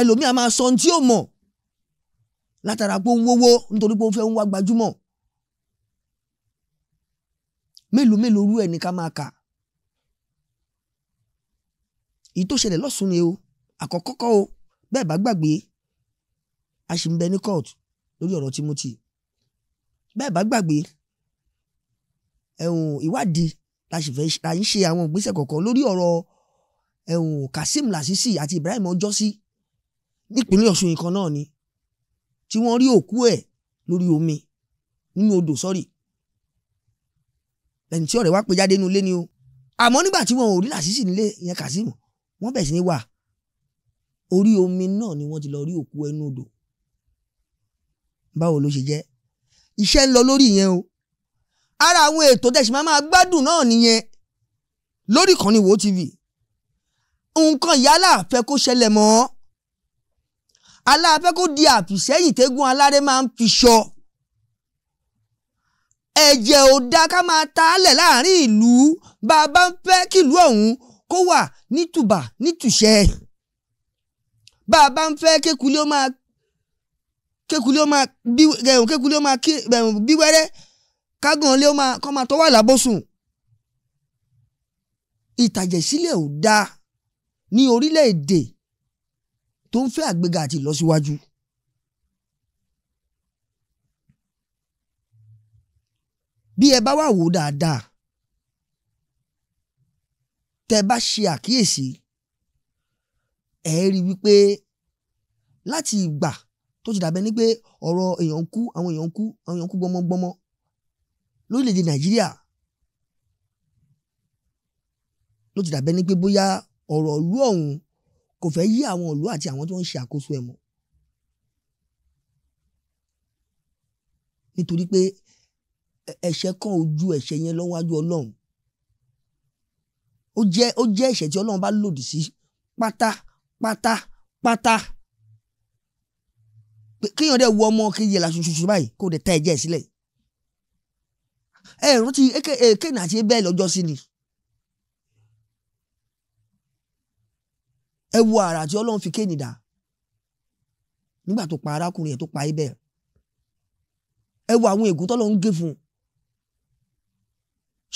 ẹlòmíà máa sọ ohun tí ó mọ̀ látara pé ń wówó nítorí pé ó fẹ́ ń wá gbajúmọ̀ mélòó mélòó rú ẹ̀ ní ká máa kà èyí tó ṣẹlẹ̀ lọ́sùn ni o àkọ́kọ́kọ́ o bẹ́ẹ̀ bá gbàgbé a sì ń bẹ ní court lórí ọ̀rọ̀ Timothy bẹ́ẹ̀ bá gbàgbé ẹ̀hún ìwádìí la sì fẹ́ la ń ṣe àwọn ìgbésẹ̀ kọ̀ọ̀kan lórí ọ̀rọ̀ ẹ̀hún Kasim Lasisi àti Ibrahim Ọjọ́sí nípínlẹ̀ Ọ̀ṣun nìkan náà ni tí wọ́n rí òkú ẹ̀ lórí omi nínú odò sọ́rí lẹ́yìn tí ọ̀rẹ́ wa pé jáde nulẹ̀ ni o àmọ́ nígbà tí wọn ò rí làṣìṣì nílé ìyẹn Kazeem wọ́n bẹ̀ sí ní wà orí omi náà ni wọ́n ti lọ rí òkú ẹnu odò báwo ló ṣe jẹ́ iṣẹ́ ń lọ lórí ìyẹn o ara àwọn ètò tẹ̀sí máa máa gbádùn náà nìyẹn lórí ìkànnì wo TV nǹkan yálà fẹ́ kó ṣẹlẹ̀ mọ́ aláàfẹ́ kó di àpìsẹ́yìn tẹ́gùn aláré máa ń fi ṣọ ẹ̀jẹ̀ ò dáa ká máa ta á lẹ̀ láàrin ìlú bá a bá ń fẹ́ kìlú ọ̀hún kó wà nítùbà nítùṣẹ́ bá a bá ń fẹ́ kékulé ó máa kékulé ó máa bí ẹ̀hún kékulé ó máa bí wẹ́rẹ́ kágan lé ó máa kọ́ máa tọ́wọ́ àlábọ́sùn ìtàjẹ̀sílẹ̀ ò dáa ní orílẹ̀-èdè tó ń fẹ́ àgbéga àti ìlọsíwájú. bí ẹ bá wà wò dáadáa tẹ bá ṣe àkíyèsí ẹ rí wípé láti ìgbà tó ti dàbẹ ni pé ọ̀rọ̀ èèyàn ń kú àwọn èèyàn ń kú àwọn èèyàn ń kú gbọmọgbọmọ lórílẹ̀‐èdè nàìjíríà ló ti dàbẹ ni pé bóyá ọ̀rọ̀ ìlú ọ̀hún kò fẹ́ yí àwọn ìlú àti àwọn tó ń ṣe àkóso ẹ̀ mọ́ nítorí pé ẹ̀ṣẹ̀ kan ò ju ẹ̀ṣẹ̀ yẹn lọ́wájú ọlọ́run ó jẹ́ ó jẹ́ ẹ̀ṣẹ̀ tí ọlọ́run bá lòdì sí pátápátá pátá kéèyàn dẹ̀ wọ ọmọ kejì ẹ̀ làṣuṣuṣu báyìí kó o dẹ̀ ta ẹ̀jẹ̀ sílẹ̀ ẹ rántí kéènì àti bẹ́ẹ̀ lọ́jọ́ sí ni ẹ wo àrà tí ọlọ́run fi kéènì dá nígbà tó pa arákùnrin ẹ̀ tó pa Abel ẹ wo àwọn ègún tọ́lọ́run gé fún un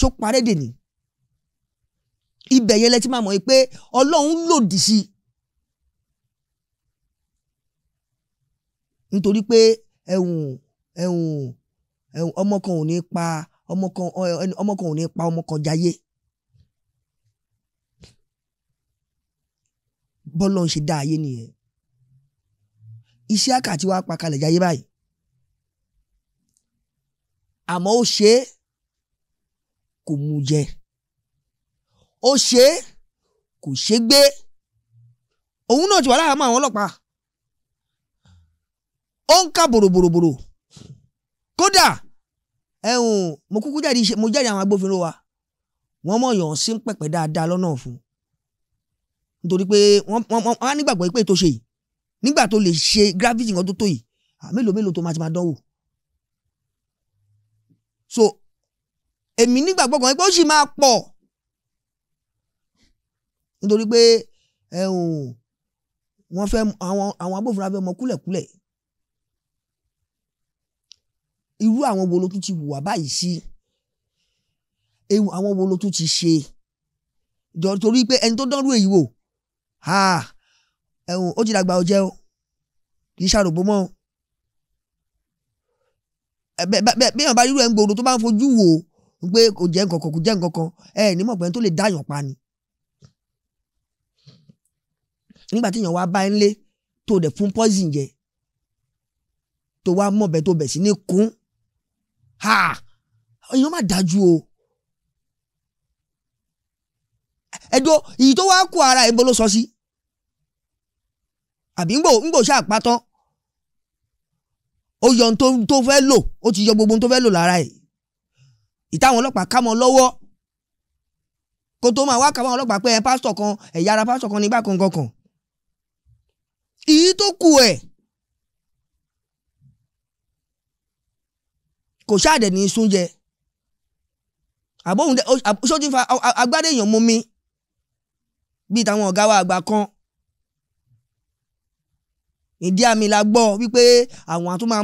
ṣó parẹ́ dè ní ibẹ̀ yẹn lẹ ti máa mọ̀ yìí pé ọlọ́run lòdì sí i nítorí pé ẹ̀wùn ẹ̀wùn ẹ̀wùn ò ní pa ọmọ kan ò ní pa ọmọ kan jayé bọ́lọ̀ ń ṣe dá ayé nìyẹn iṣẹ́ àkàtì wa pa kalẹ̀ jayé báyìí àmọ́ ó ṣe é kò mú jẹ ó ṣe é kò ṣe gbé òun náà ti wà láhàámọ́ àwọn ọlọ́pàá ó ń ká bòròbòròbòrò kódà ẹ̀hún mo kúkú jáde mo jáde àwọn agbófinró wa wọ́n mọ̀ yàn sí pẹ̀pẹ̀ dáadáa lọ́nà fún nítorí pé wọ́n wọ́n á nígbàgbọ́ pé tó ṣe yìí nígbà tó lè ṣe gravity nǹkan tó tó yìí mélòó mélòó tó máa ti máa dánwò so èmi nígbàgbọ́ kan pé ó sì máa pọ̀ nítorí pé ẹ ò wọ́n fẹ́ àwọn àwọn agbófinró fẹ́ mọ kúlẹ̀kúlẹ̀ irú àwọn wo ló tún ti wà báyìí sí ewu àwọn wo ló tún ti ṣe torí pé ẹni tó dánrú èyí wò ẹ̀hún ó ti dàgbà ọ̀jẹ́ o kì í ṣàròbó mọ́ o bá rírú ẹ̀ ń gbòòrò tó bá ń fojú wò ó pé kò jẹ́ nǹkan kan kò jẹ́ nǹkan kan ẹ ní mọ̀ pé tó lè dáyàn pa ni. nígbà tí èèyàn wá bá ẹ ńlé tó dẹ̀ fún poison jẹ tó wá mọ̀bẹ tó bẹ̀ sí ní kún ha èèyàn má dájú o. ẹjọ́ ìyí tó wá kó ara ẹ̀ ń ló sọ sí àbí ńgbò ńgbò ṣáà pa tán ó yọ ohun tó fẹ́ lò ó ti yọ gbogbo ohun tó fẹ́ lò lára ẹ̀ ìtàwọn ọlọ́pàá ká mọ́ lọ́wọ́ kó tó máa wá káwọn ọlọ́pàá pé ẹ pásítọ̀ kan ẹ̀yà ara pásítọ̀ kan nígbà kankan kan èyí tó kù ẹ̀ kò ṣáàdẹ̀ ní súnjẹ àbóhùn ṣó ti fa agbádé èèyàn mú mi bíi táwọn ọ̀gá wa àgbà kan ìdí àmì la gbọ́ wípé àwọn àtún máa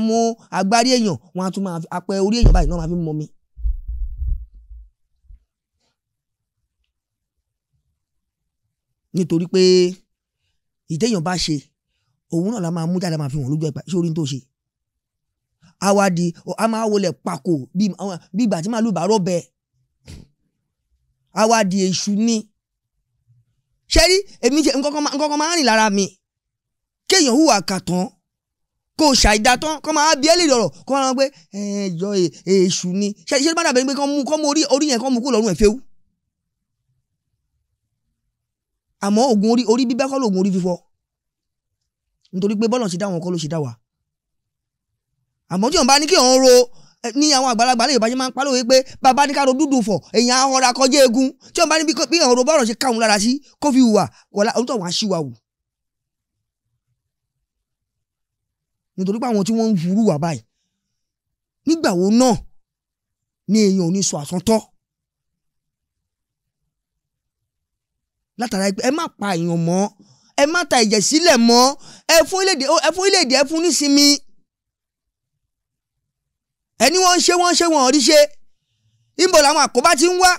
agbárí èèyàn wọn àtún máa orí èèyàn báyìí náà máa fi mú mi. nítorí pé ìtẹ̀yàn bá ṣe òun náà la máa mú jáde máa fi hàn lójú ẹ̀pà sórí tó ṣe àwa di a máa wọlé pàkó bí ìgbà tí màálù bá rọ̀bẹ àwa di èṣù ni ṣe rí èmi ṣe nǹkan kan máa ń rìn lára mi kéèyàn hùwà kà tán kò ṣàìdá tán kọ́ máa bí ẹ́lì lọ́rọ̀ kọ́ máa ń pẹ́ ẹ̀ẹ́dọ́ èṣù ni ṣe ṣe bá dàbẹ̀ pé kọ́ mú orí yẹn kọ́ mú kó lọ́rùn ẹ̀ fẹ́wù. àmọ́ oògùn orí orí bíbá kọ́ lóògùn orí fífọ́ nítorí pé bọ́lọ̀ ṣe dá wọn kọ́ ló ṣe dá wa àmọ́ tí wọn bá ní kí wọn ro ní àwọn àgbàlagbà lè bàjẹ́ máa ń pálọ̀ wípé bàbá ní ká ro dúdú fọ̀ èèyàn ahọ́ra kọjá eegun tí wọn bá ní bí wọn ro bọ́lọ̀ ṣe káwọn lára sí kó fi hùwà wọlá orúkọ wọn á ṣì wà wù. nítorí pé àwọn tí wọ́n ń furú wà báyìí nígbà wo náà ni èèyàn ò ní sọ àsọtọ́ látara ẹgbẹ́ ẹ má pa èèyàn mọ́ ẹ má ta ẹ̀jẹ̀ sílẹ̀ mọ́ ẹ fún iléèdè ẹ fún nísinmi ẹni wọ́n ń ṣe wọ́n ń ṣe wọ́n rí ṣe níbo làwọn àkóbá ti ń wá.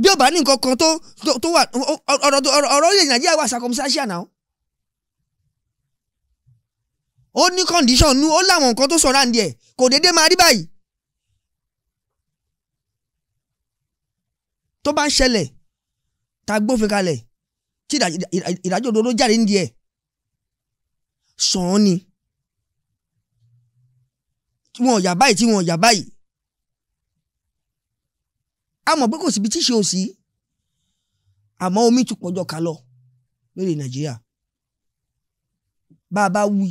bí ó bá ní nǹkan kan tó tó wà ọ̀rọ̀ ọ̀rọ̀ orílẹ̀ nàìjíríà wà circumstantial náà ó ní condition nu ó láwọn nǹkan tó sọ̀rọ̀ àǹdí ẹ̀ kò déédéé máa rí báyìí. tó bá ń ṣẹlẹ̀ tá a gbófin kalẹ̀ tí ìdájọ́ òdodo jáde nídìí ẹ̀ sàn án ni tí wọn ò yà báyìí tí wọn ò yà báyìí a mọ̀ pé kò síbi tí ṣe ò sí àmọ́ omi tún pọ̀jọ kà lọ lórí Nàìjíríà bá a bá wí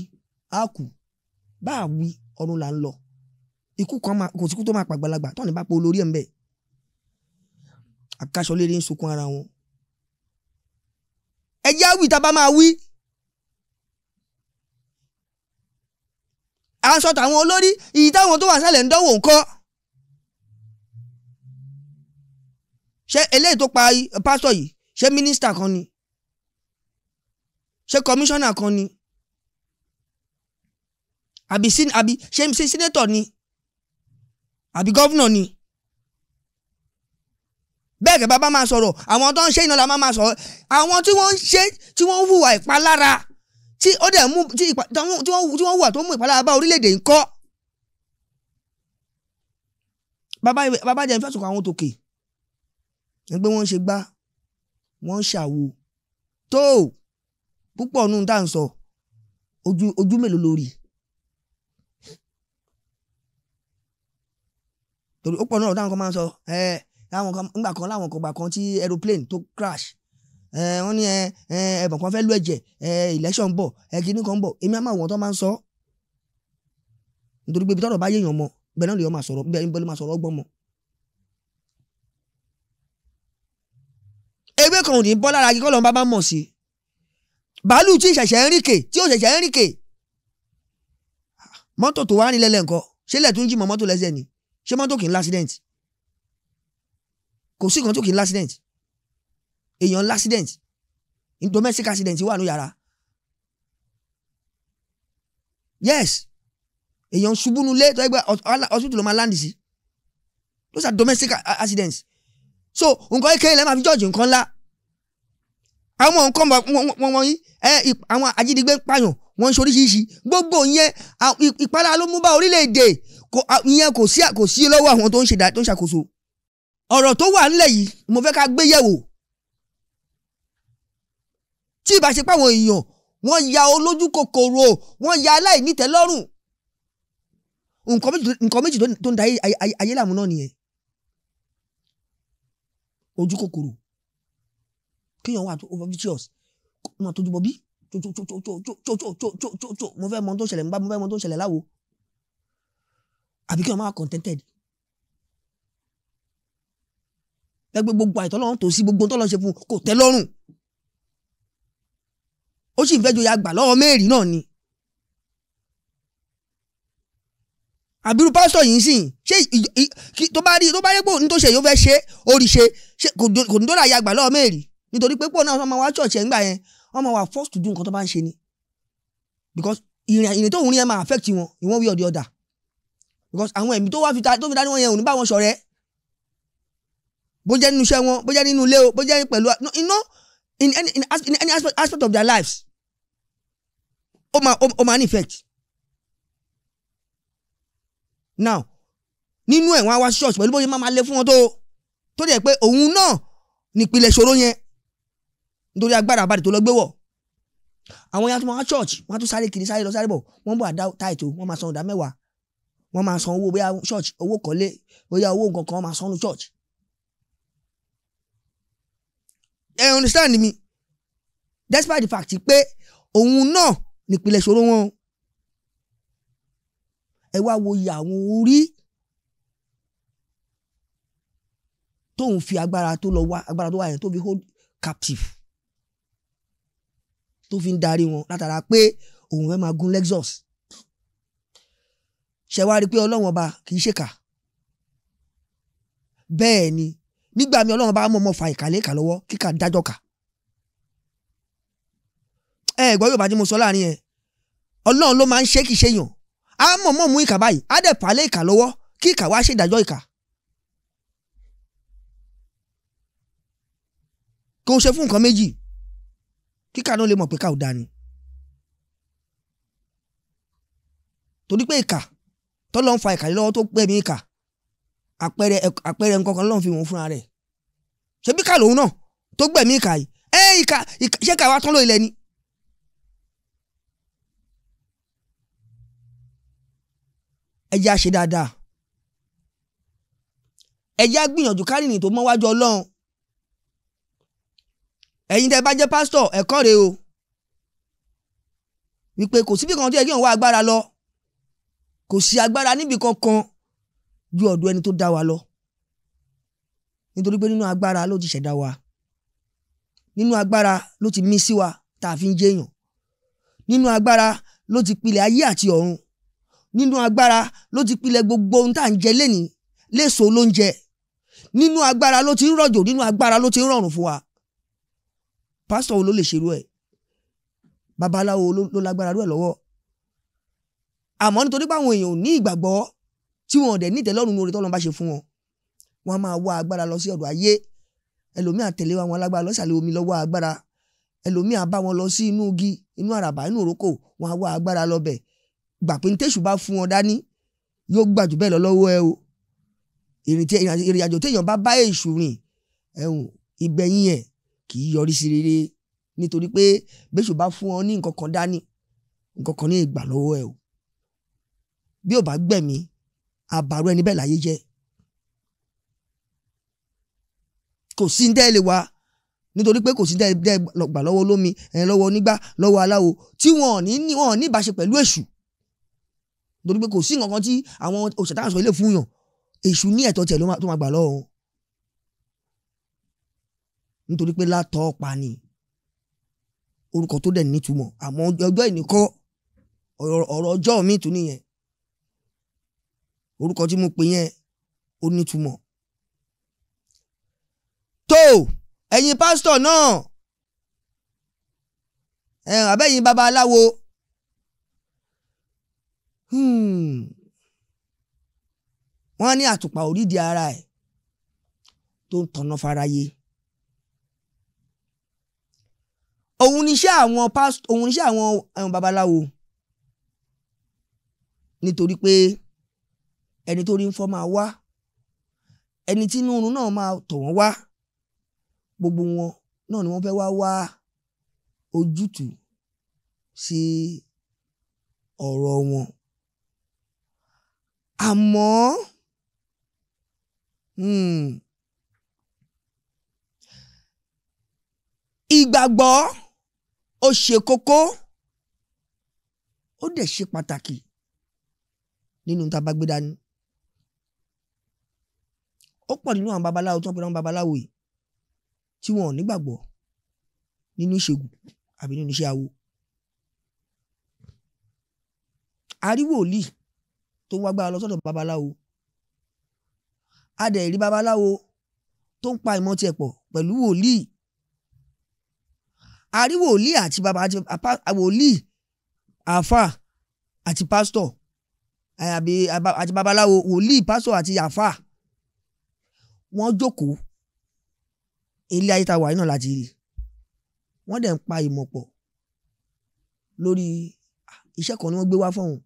a kù bá a wí ọ̀run là ń lọ ikú kan kò síkú tó máa pàgbàlagbà tó ní bá pa olórí ẹ̀ ń bẹ́ẹ̀ àkàṣọlérè ń sunkún ara wọn ẹ jẹ́ àwì tá a bá máa wí aṣọ tàwọn olórí ìyí táwọn tó wà sálẹ̀ ń dánwò ńkọ́ ṣé eléyìí tó pa pásítọ̀ yìí ṣé mínísítà kan ni ṣé kọmíṣánná kan ni àbí ṣé sínétọ̀ ni àbí gọ́vnọ̀ ni bẹ́ẹ̀ gẹ́gẹ́ bá máa sọ̀rọ̀ àwọn tó ń ṣe iná la máa sọ̀rọ̀ àwọn tí wọ́n ń ṣe tí wọ́n ń hùwà ìpalára tí ó dẹ̀ mú tí wọ́n hùwà tó mú ìpalára bá orílẹ̀-èdè ńkọ́. bàbá jẹ́ fẹ́sùn kan àwọn tòkè ní pé wọ́n ń ṣe gbá wọ́n ń ṣàwo tó púpọ̀ nù tá à ń sọ ojú mélòó lórí. torí ó pọ̀ náà táwọn kan máa ń sọ ẹ̀ẹ́ láwọn kan ńgbà kan láwọn kan gbà kan tí aeroplane tó crash eh, wọ́n ní eh, eh, ẹ̀bùn kan fẹ́ lú ẹ̀jẹ̀ election bọ̀ kíní kan bọ̀ èmi àmọ́ àwọn tó máa ń sọ nítorí pé ibi tọ́rọ̀ bá yéèyàn mọ bẹ́ẹ̀ náà lè yọ máa sọ̀rọ̀ bẹ́ẹ̀ níbo ló máa sọ̀rọ̀ ọgbọ́n mọ́. ewé kan ò ní bọ́ lára kíkọ́ lọ́nba bá mọ̀ sí bàálù tí ìṣẹ̀ṣẹ̀ ń rìnkè tí ò ṣẹ̀ṣẹ̀ ń rìnkè mọ́tò tó wá nílẹ̀ lẹ́ǹkọ́ ṣé lẹ̀ tún jìmọ̀ mọ́tò lẹ́sẹ̀ ni ṣé mọ́tò kì í ní accident kò sí kan tó kì í l'accident èèyàn l'accident domestic accident wà ní yàrá yes èèyàn ṣubú nulẹ̀ tó ẹgbẹ́ hospital ló máa land sí those are domestic accidents so nǹkan kékeré lẹ́ẹ̀ máa fi jọ́ọ̀jì nǹkan ńlá àwọn nǹkan wọn wọ̀nyí àwọn ajínigbé ń pààyàn wọ́n ń ṣoríṣiríṣi gbogbo ìyẹn ìpara ló mú bá orílẹ̀-èdè ìyẹn kò sí lọ́wọ́ àwọn tó ń ṣàkóso ọ̀rọ̀ tó wà ńlẹ̀ yìí mo fẹ́ ká gbé yẹ̀wò tí ìbá ṣe páwọn èèyàn wọ́n ya olójú kòkòrò wọ́n ya aláìnítẹ́lọ́rùn nǹkan méjì tó ń da ayé làmú náà nìyẹn ojú kòkòrò kéèyàn wà obvious wọn àtọ́jú bọ bí mo fẹ́ mọ tó ń ṣẹlẹ̀ ń bá mo fẹ́ mọ tó ń ṣẹlẹ̀ láwo àbí kéèyàn máa contented ẹgbẹ́ gbogbo àìtọ́lọ́run tòsí gbogbo tọ́lọ́ ṣe fún kò tẹ́ lọ́rùn ó sì ń fẹ́ joyè àgbà lọ́wọ́ Mary náà ni. àbírú pásítọ̀ yìí ń sìn ṣé tó bá rí tó bá rí pé òun tó ṣe yóò fẹ́ ṣe oríṣe kò ní tó dàyà àgbà lọ́wọ́ Mary nítorí pé pọ̀ náà wọ́n máa wá ṣọ̀ọ̀ṣì ẹ̀ ńgbà yẹn wọ́n máa wà forced to do nǹkan tó bá ń ṣe ni because ìrìn ìrìn tó ń rí yẹn máa affect wọn in one way or the other because àwọn ẹ̀mí tó wá fi ta tó fi dání wọn yẹn ò ní bá wọn ṣọ̀rẹ́ bójá nínú iṣẹ́ wọn bójá nínú ilé o bójá pẹ̀lú no you know in any in, any aspect, aspect of their lives ó máa ó máa ní effect now nínú ẹ̀ wọ́n á wá sí church pẹ̀lú bóyá máa lé fún wọn tó tó dẹ̀ pé òun náà nípìnlẹ̀ ìṣòro yẹn nítorí agbára àbádì tó lọ gbé wọ̀ àwọn yàtọ̀ wọn á church wọn á tún sáré kiri sáré lọ sáré bọ̀ wọ́n bọ̀ àdá táìtò wọ́n máa san ọ̀dà mẹ́wàá wọ́n máa san owó bóyá church owó kọ́lé bóyá owó nǹkan kan wọ́n máa san ní church ẹ understand mi despite the fact pé òun náà nípìnlẹ̀ ìṣòro wọn ẹ wá wo iye àwọn orí tóun fi agbára tó lọ wá agbára tó wà yẹn tó fi hold captive tó fi ń darí wọn látara pé òun fẹ́ máa gun Lexus ṣe wá rí i pé ọlọ́wọ́n ọba kì í ṣèkà bẹ́ẹ̀ ni nígbà mi ọlọ́run bá mọ̀ mọ̀ fa ìkàlẹ́kà lọ́wọ́ kíkà dájọ́ kà ẹ gbọ́ yóò bá ní mo sọ láàrin ẹ ọlọ́run ló máa ń ṣe kì í ṣe yàn á mọ̀ mọ̀ mú ìkà báyìí á dẹ̀ pàálẹ̀ ìkà lọ́wọ́ kí ìkà wá ṣèdájọ́ ìkà. kí o ṣe fún nǹkan méjì kíkà náà lè mọ̀ pé ká ò da torí pé ìkà tọ́lọ́ ń fa ìkà lọ́wọ́ tó pẹ́ mi ìkà àpẹẹrẹ àpẹẹrẹ nǹkan kan lọ́n fi wọ́n fúnra rẹ̀ ṣebí ká lòun náà tó gbẹ̀mí ìkà yìí ẹ ìkà ṣé ká wa tán ló ilẹ̀ ni. ẹ jẹ́ àṣe dáadáa ẹ jẹ́ àgbìyànjú kárìnì tó mọ́ wájú ọlọ́run ẹ̀yin tẹ́ bá jẹ́ pásítọ̀ ẹ̀kọ́ rèé o wípé kò síbi kan tí ẹ kí n wá agbára lọ kò sí agbára níbi kankan ju ọ̀dọ̀ ẹni tó dá wa lọ nítorí pé nínú agbára ló ti ṣẹ̀dá wa nínú agbára ló ti mí sí wa tá a fi ń jẹyàn nínú agbára ló ti pilẹ̀ ayé àti ọ̀run nínú agbára ló ti pilẹ̀ gbogbo ohun tá à ń jẹ lénìí léso ló ń jẹ nínú agbára ló ti ń rọ̀jò nínú agbára ló ti ń rọ̀rùn fún wa pásítọ̀ wo ló lè ṣerú ẹ̀ babaláwo ló lágbára rú ẹ̀ lọ́wọ́ àmọ́ nítorí pé èèyàn ò ní ìgbàgbọ́ tí wọn dẹ̀ nítẹ̀ lọ́rùn oore tọ́lọ́run bá ṣe fún wọn wọn máa wá agbára lọ sí ọ̀dọ̀ ayé ẹlòmíà tẹ̀lé wa wọn lágbára lọ́sàlẹ̀ omi lọ́wọ́ agbára ẹlòmíà bá wọn lọ sí inú igi inú àràbà inú òrókò wọn á wá agbára lọ bẹ̀ gbà pé ntẹ́sù bá fún wọn dání yóò gbàjú bẹ́ẹ̀ lọ lọ́wọ́ ẹ o ìrìnàjò téèyàn bá bá èṣù rìn ẹ̀hún ìgbẹ̀yìn ẹ̀ kì í yọrí sí rere nítorí pé bẹ́ṣù bá fún ọ ní nǹkan kan dání nǹkan kan ní ìgbà lọ́wọ́ ẹ o bí ò bá gbẹ̀mí àbàrò ẹni bẹ́ẹ̀ láyé jẹ́ kò sí ndẹ́ lè wa nítorí pé kò sí ndẹ́ gbà lọ́wọ́ olómi ẹ̀yìn lọ́wọ́ onígbà lọ́wọ́ aláwo tí wọ́n ní wọ́n ní ìbáṣe pẹ̀lú èṣù nítorí pé kò sí nǹkan kan tí àwọn òṣèlú sọ ilé fún yàn èṣù ní ẹ̀tọ́ tiẹ̀ tó máa gbà lọ́wọ́ nítorí pé látọ̀ ọ̀pá ni orúkọ tó dẹ̀ nítumọ̀ àmọ́ ọjọ́ ìníkọ́ ọ̀rọ̀ ọjọ́ mi tún nìyẹn orúkọ tí mo pè yẹn ó nítumọ̀. tó ẹ̀yin pásítọ̀ náà ẹ̀ràn abẹ́yìn babaláwo hmm. wọ́n ní àtùpà orídìí ara ẹ̀ tó ń tanná fáráyé. òun níṣẹ́ àwọn pásítọ̀ òun níṣẹ́ àwọn babaláwo nítorí pé ẹni tó rí ń fọ́ máa wá ẹni tí inú oorun náà máa tọ̀ wọ́n wá gbogbo wọn náà ni wọ́n fẹ́ wá wá ojútùú sí ọ̀rọ̀ wọn àmọ́ hmm, ìgbàgbọ́ ó ṣe kókó ó dẹ̀ ṣe pàtàkì nínú tá a bá gbé dání ó pọ̀ nínú àwọn babaláwo tó ń pera wọn babaláwo yìí tí wọn ò nígbàgbọ́ nínú ìṣègùn àbí nínú iṣẹ́ awo àríwòlì tó wá gbára lọ sọ́dọ̀ babaláwo adẹ̀ rí babaláwo tó ń pa ìmọ̀ tiẹ̀ pọ̀ pẹ̀lú wòlíì àrí wòlíì àti baba àti wòlíì àfà àti pásítọ̀ àbí àti babaláwo wòlíì pásítọ̀ àti àfà wọ́n jókòó ilé ayé ta wà yìí náà láti rí wọ́n dẹ̀ ń pa ìmọ̀ pọ̀ lórí iṣẹ́ kan ni wọ́n gbé wá fọ̀hún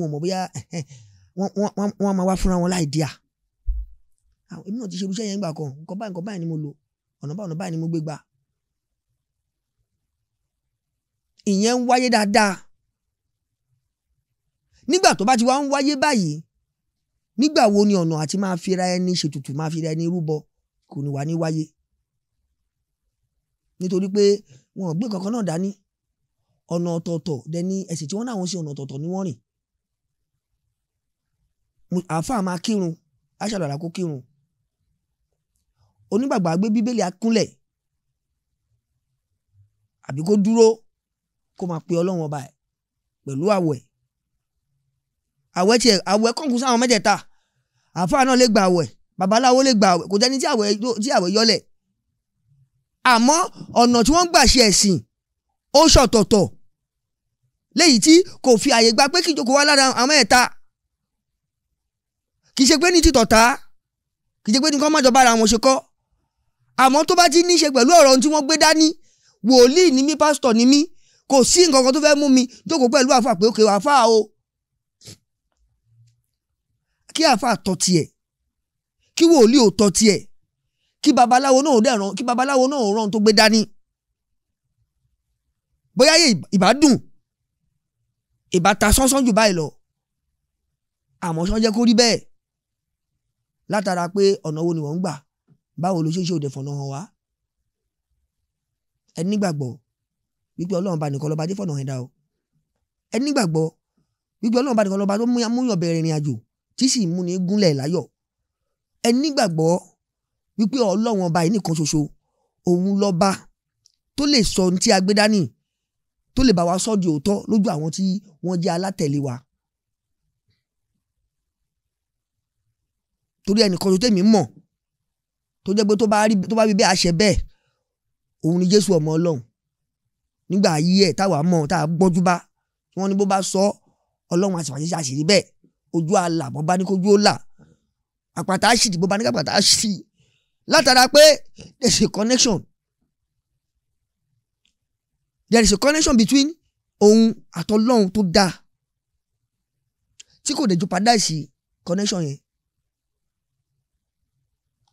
wọn mọ̀ bóyá wọ́n máa wá fúnra wọn láì díà èmi náà ti ṣe irú yẹn nígbà kan nǹkan báyìí nǹkan báyìí ni mo lò ọ̀nà báyìí ọ̀nà báyìí ni mo gbé gbà ìyẹn ń wáyé dáadáa nígbà tó bá ti wá ń wáyé báyìí nígbà wo ni ọ̀nà àti máa fi ra ẹni ṣètùtù máa fi ra ẹni rúbọ kò ní wà ní wáyé nítorí pé wọn ò gbé kankan náà dání ọ̀nà ọ̀tọ̀ọ̀tọ̀ dẹni ẹ̀sìn tí wọ́n náà wọ́n ṣe ọ̀nà ọ̀tọ̀ọ̀tọ̀ ni wọ́n rìn àáfàá máa kírun aṣàlọ́ra kó kírun onígbàgbà gbé bíbélì akúnlẹ̀ àbí kó dúró kó máa pe ọlọ́run ọba ẹ̀ pẹ̀lú àwẹ̀ àwẹ̀ tiẹ̀ àwẹ̀ kọ̀ǹkù sáwọn mẹ́tẹ̀ẹ̀ta àáfàá náà lè gbà àwẹ̀ babaláwo lè gbà àwẹ̀ kò dẹni tí àwẹ̀ tí àwẹ̀ yọlẹ̀ àmọ́ ọ̀nà tí wọ́n gbà ṣe ẹ̀sìn ó ṣọ̀tọ̀tọ̀ léyìí tí kò fi àyè gba pé kíjoko wá lára àwọn ẹ̀ta kì í ṣe pé ní títọ̀tà kì í ṣe pé ní kọ́ má jọba ara wọn ṣe kọ́ àmọ́ tó bá ti ní í ṣe pẹ̀lú ọ̀rọ̀ tí wọ́n gbé dání wòlíì ni mí pásítọ̀ ni mí kò sí nǹkan kan tó fẹ́ mú mi jókòó pẹ̀lú àfà pé òkè àfà o kí àáfà tọ́ tiẹ̀ kí wòlíì ò tọ́ tiẹ̀ kí babaláwo náà dẹ̀ràn kí babaláwo náà ràn tó gbé dání bóyá yẹ ìbá dùn ìbá ta sánsán jù báyìí lọ àmọ́ sán jẹ́ kó rí bẹ́ẹ̀ látara pé ọ̀nà wo ni wọ́n ń gbà báwo ló ṣe ṣe òde fọ̀nà hàn wá ẹ nígbàgbọ́ wípé ọlọ́run bá nìkan lọ́ba dé fọ̀nà hàn o ẹ nígbàgbọ́ wípé ọlọ́run bá nìkan lọ́ba tó múyàn bẹ̀rẹ̀ ìrìn àjò tí sì múni gúnlẹ̀ láyọ̀ ẹ nígbàgbọ́ wípé ọlọ́run ọba yìí nìkan ṣoṣo òun lọ́ba tó lè sọ ohun tí a gbé dání tó lè bá wa sọ di òótọ́ lójú àwọn tí wọ́n jẹ́ alátẹ̀lé wa. torí ẹnìkan tó tèmi mọ̀ tó jẹ́ pé tó bá rí bẹ́ẹ̀ àṣẹ bẹ́ẹ̀ òun ni Jésù ọmọ ọlọ́run nígbà ayé ẹ̀ táwa mọ̀ tá a gbọ́njú bá wọ́n ní bó bá sọ ọlọ́run àṣàfàṣẹ́ àṣírí bẹ́ẹ̀ ojú àlà bó bá ní kójú ó là àpàtà àṣìdì bó bá ní kàpàtà àṣì látara pé there is a connection there is a connection between òun àtọlọ́run tó dáa tí kò dẹ̀ jeopardize connection yẹn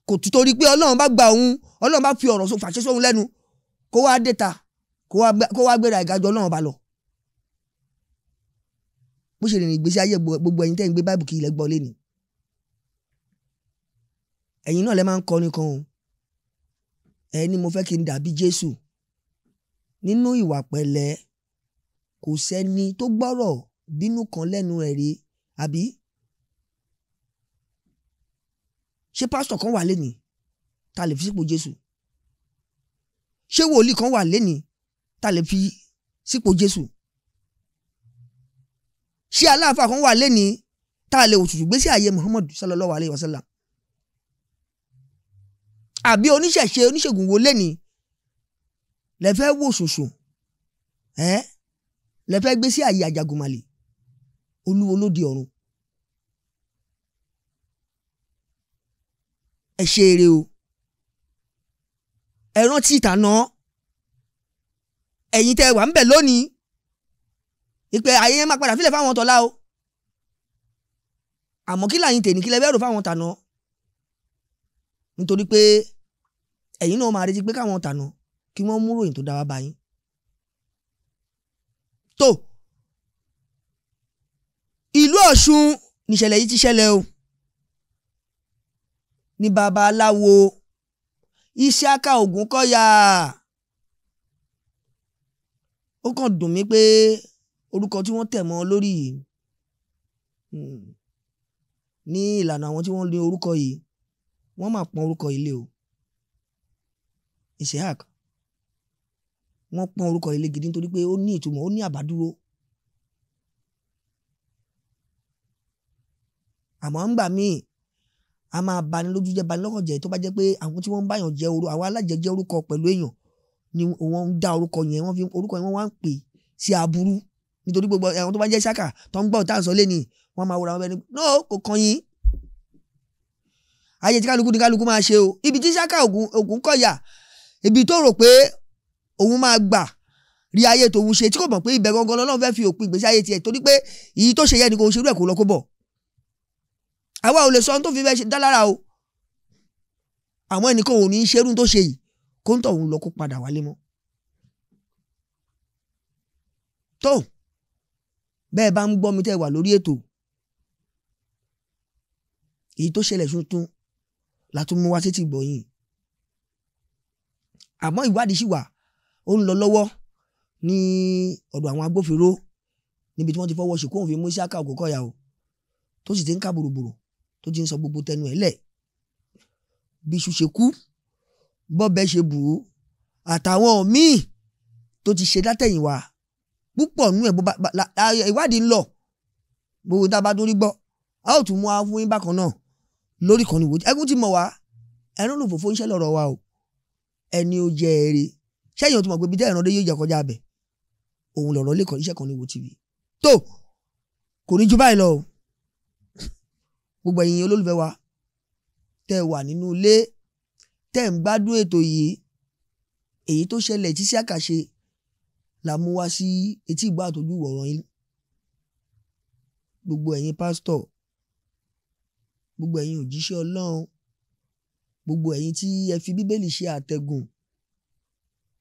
kò tún torí pé ọlọ́run bá gba òun ọlọ́run bá fi ọ̀rọ̀ so fàṣẹ sóhun lẹ́nu kó wá dé ta kó wá gbéra ìgájọ́ ọlọ́run bá lọ bó ṣe rìnrìn ìgbésí ayé gbogbo ẹ̀yin tẹ́ ń gbé báìbù kí ilẹ̀ gbọ́ lé ni ẹ̀yin náà lẹ máa ń kọrin kan o ẹ ní mo fẹ́ kí n dàbí Jésù nínú ìwà pẹ̀lẹ́ kò sẹ́ni tó gbọ́rọ̀ bínú kan lẹ́nu ẹ̀ rí àbí ṣé pásítọ̀ kan wà lẹ́ni ta lè fi sípò Jésù ṣé wòlíì kan wà lẹ́ni ta lè fi sípò Jésù ṣé aláàfáà kan wà lẹ́ni tá a lè òtútù gbé sí ààyè Muhammad sallallahu alayhi wa sallam àbí oníṣẹ̀ṣe oníṣègùn wo lẹ́ni lẹ fẹ́ wò ṣoṣo ẹ lẹ fẹ́ gbé sí ààyè Àjàgùnmàlè olúwo ló ọ̀run ẹ ṣe eré o ẹ rántí ìtànà ẹ̀yin tẹ́ wà ń bẹ̀ lónìí ìpè ayé yẹn máa padà sílẹ̀ fáwọn tọ́lá o àmọ́ kí làyín tèmi kí lẹ bẹ́ẹ̀ rò fáwọn tàná nítorí pé ẹ̀yin náà máa retí pé káwọn tàná kí wọ́n mú ròyìn tó dá wá bá yín tó ìlú Ọ̀ṣun nìṣẹ̀lẹ̀ yìí ti ṣẹlẹ̀ o ní babaláwo Ìṣáká Ògúnkọ́yà ó kàn dùn mí pé. Pe orúkọ tí wọ́n tẹ̀ mọ́ lórí yìí hmm. ní ìlànà àwọn tí wọ́n lo orúkọ yìí wọ́n máa pọ́n orúkọ ilé o Isiaq wọ́n pọ́n orúkọ ilé gidi nítorí pé ó ní ìtumọ̀ ó ní àbádúró àmọ́ ń gbà míì a máa bani lójú jẹ́ bani lọ́kàn jẹ́ tó bá jẹ́ pé àwọn tí wọ́n ń báyàn jẹ́ orú àwọn alájẹjẹ́ orúkọ pẹ̀lú èèyàn ni wọ́n ń dá orúkọ yẹn wọ́n fi orúkọ yẹn wọ́n wá ń pè sí aburú nítorí gbogbo àwọn tó bá jẹ́ ṣáka tó ń gbọ́ tá à lé ní wọ́n máa wúra wọn bẹ́ẹ̀ ni no kò kàn yín. ayé tí kálukú ni kálukú máa ṣe o ibi tí ṣáka ògùn kọ̀yà ibi tó rò pé òun máa gbà rí ayé tòun ṣe tí kò mọ̀ pé ibẹ̀ gangan lọ́nà fẹ́ fi òpin ìgbésí ayé tiẹ̀ torí pé èyí tó ṣe yẹ ni kò ṣerú ẹ̀ kó lọ kó bọ̀. àwa ò lè sọ ohun tó fi fẹ́ ṣe dá lára o àwọn ẹnìkan ò ní í ṣerú tó ṣe yìí kó ń tọ̀ òun lọ kó padà wálé mọ́. tóun bẹ́ẹ̀ bá ń gbọ́ mi tẹ́ wà lórí ètò èyí tó ṣẹlẹ̀ tuntun la tún mú wá sétí gbọ̀yìn àmọ́ ìwádìí ṣì wà ó ń lọ lọ́wọ́ ní ọ̀dọ̀ àwọn agbófinró níbi tí wọ́n ti fọwọ́ ṣèkóhùn fi mú Isiaka okonkwo o tó sì ti ń ká bòròbòrò tó ti ń sọ gbogbo tẹnu ẹ̀ lẹ̀ bí iṣu ṣe kú bọ́bẹ̀ ṣe bù ú àtàwọn míì tó ti ṣe látẹ̀yìnwá púpọ̀ nú ẹ̀ bó bá ìwádìí ń lọ gbogbo tá a bá tó rí gbọ́ a ó tún mú a fún yín bákan náà lórí kan níwòjú ẹkún ti mọ̀ wá ẹran ló fòfó ń ṣẹ́ lọ́rọ̀ wa o ẹni ó jẹ èrè sẹ́yìn o tún mọ̀ pé bí tẹ́ ẹ̀ràn dé yóò jẹ kọjá abẹ òun lọ̀rọ̀ lè kọ́ iṣẹ́ kan níwò tv tó kò ní ju báyìí lọ o gbogbo ẹ̀yin olólùfẹ́ wa tẹ́ ẹ wà nínú ilé tẹ́ ẹ ń gbádùn ètò yìí èyí tó ṣẹlẹ̀ tí sí àkàṣe la mú wá sí etí ìgbà àtọ́jú ìwọ̀ràn yín gbogbo ẹ̀yin pásítọ̀ gbogbo ẹ̀yin òjíṣẹ́ ọlọ́run gbogbo ẹ̀yin tí ẹ fi bíbélì ṣe àtẹ̀gùn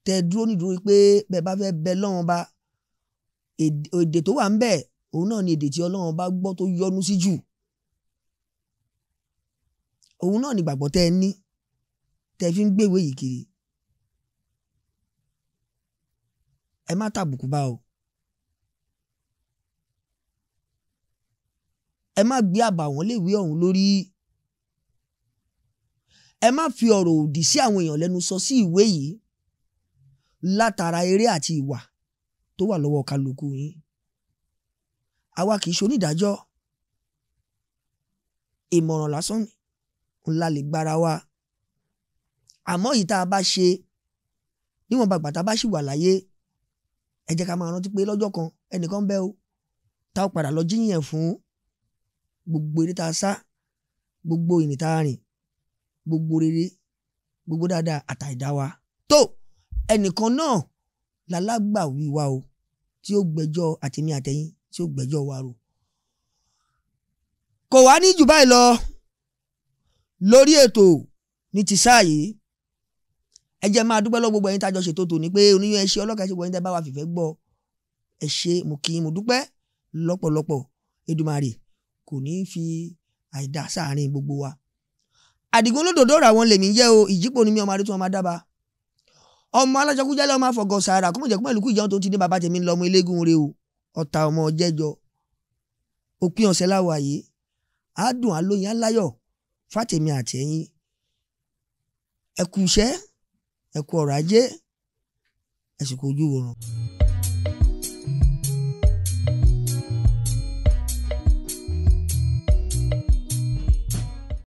tẹ dúró nídúró pé bẹ bá fẹ́ bẹ lọ́wọ́n bá èdè tó wà ń bẹ̀ òun náà ni èdè tí ọlọ́run bá gbọ́ tó yọ́nú sí jù òun náà ni gbàgbọ́ tẹ ẹ ní tẹ fi ń gbèwé yìí kiri ẹ má tàbùkù bá o ẹ má gbé àbàwọ́n léwé ọ̀hún lórí ẹ má fi ọ̀rọ̀ òdì sí àwọn èèyàn lẹ́nu sọ sí ìwé yìí látara eré àti ìwà tó wà lọ́wọ́ kálukú yín àwa kì í ṣe onídàájọ́ ìmọ̀ràn lásán ńlá lè gbára wa àmọ́ yìí tá a bá ṣe níwọ̀n bàgbà tá a bá ṣì wà láyé ẹ jẹ́ ká máa rántí pé lọ́jọ́ kan ẹnìkan ń bẹ o tá ò padà lọ jíyàn fún gbogbo eré tá a sá gbogbo ìní tá a rìn gbogbo rere gbogbo dáadáa àtàìdá wa tó ẹnìkan náà lálágbàwí wa o tí ó gbẹ́jọ́ àtẹ̀mí àtẹ̀yìn tí ó gbẹ́jọ́ wa rò kò wá ní jù báyìí lọ lórí ètò ní ti sáà ẹ jẹ́ máa dúpẹ́ lọ́wọ́ gbogbo ẹ̀yin tájọ ṣètò tòní pé oníyàn ẹ ṣe ọlọ́kà ṣe gbogbo tẹ́ bá wa fìfẹ́ gbọ́ ẹ ṣe mo kí mo dúpẹ́ lọ́pọ̀lọpọ̀ Èdùmàrè kò ní fi àìdá sáàrin gbogbo wa. Àdìgún olódòdó ra wọn lèmi jẹ́ o ìjípò ni mi ọmọ adé tí wọ́n máa dábàá ọmọ alájọkújálẹ̀ ọmọ àfọ̀gọ̀ sàrà kó mọ̀ jẹ́ pẹ̀lú kú ìjẹun tó ti ní bàbá tèmi ń lọ ọmọ eléégún re o ọ̀tá ọmọ jẹ́jọ òpin ọ̀sẹ̀ láwọ̀ àyè á dùn á lóyún á láyọ̀ ẹ kú ọrọ̀ ajé ẹ sì kú ojú wòrán.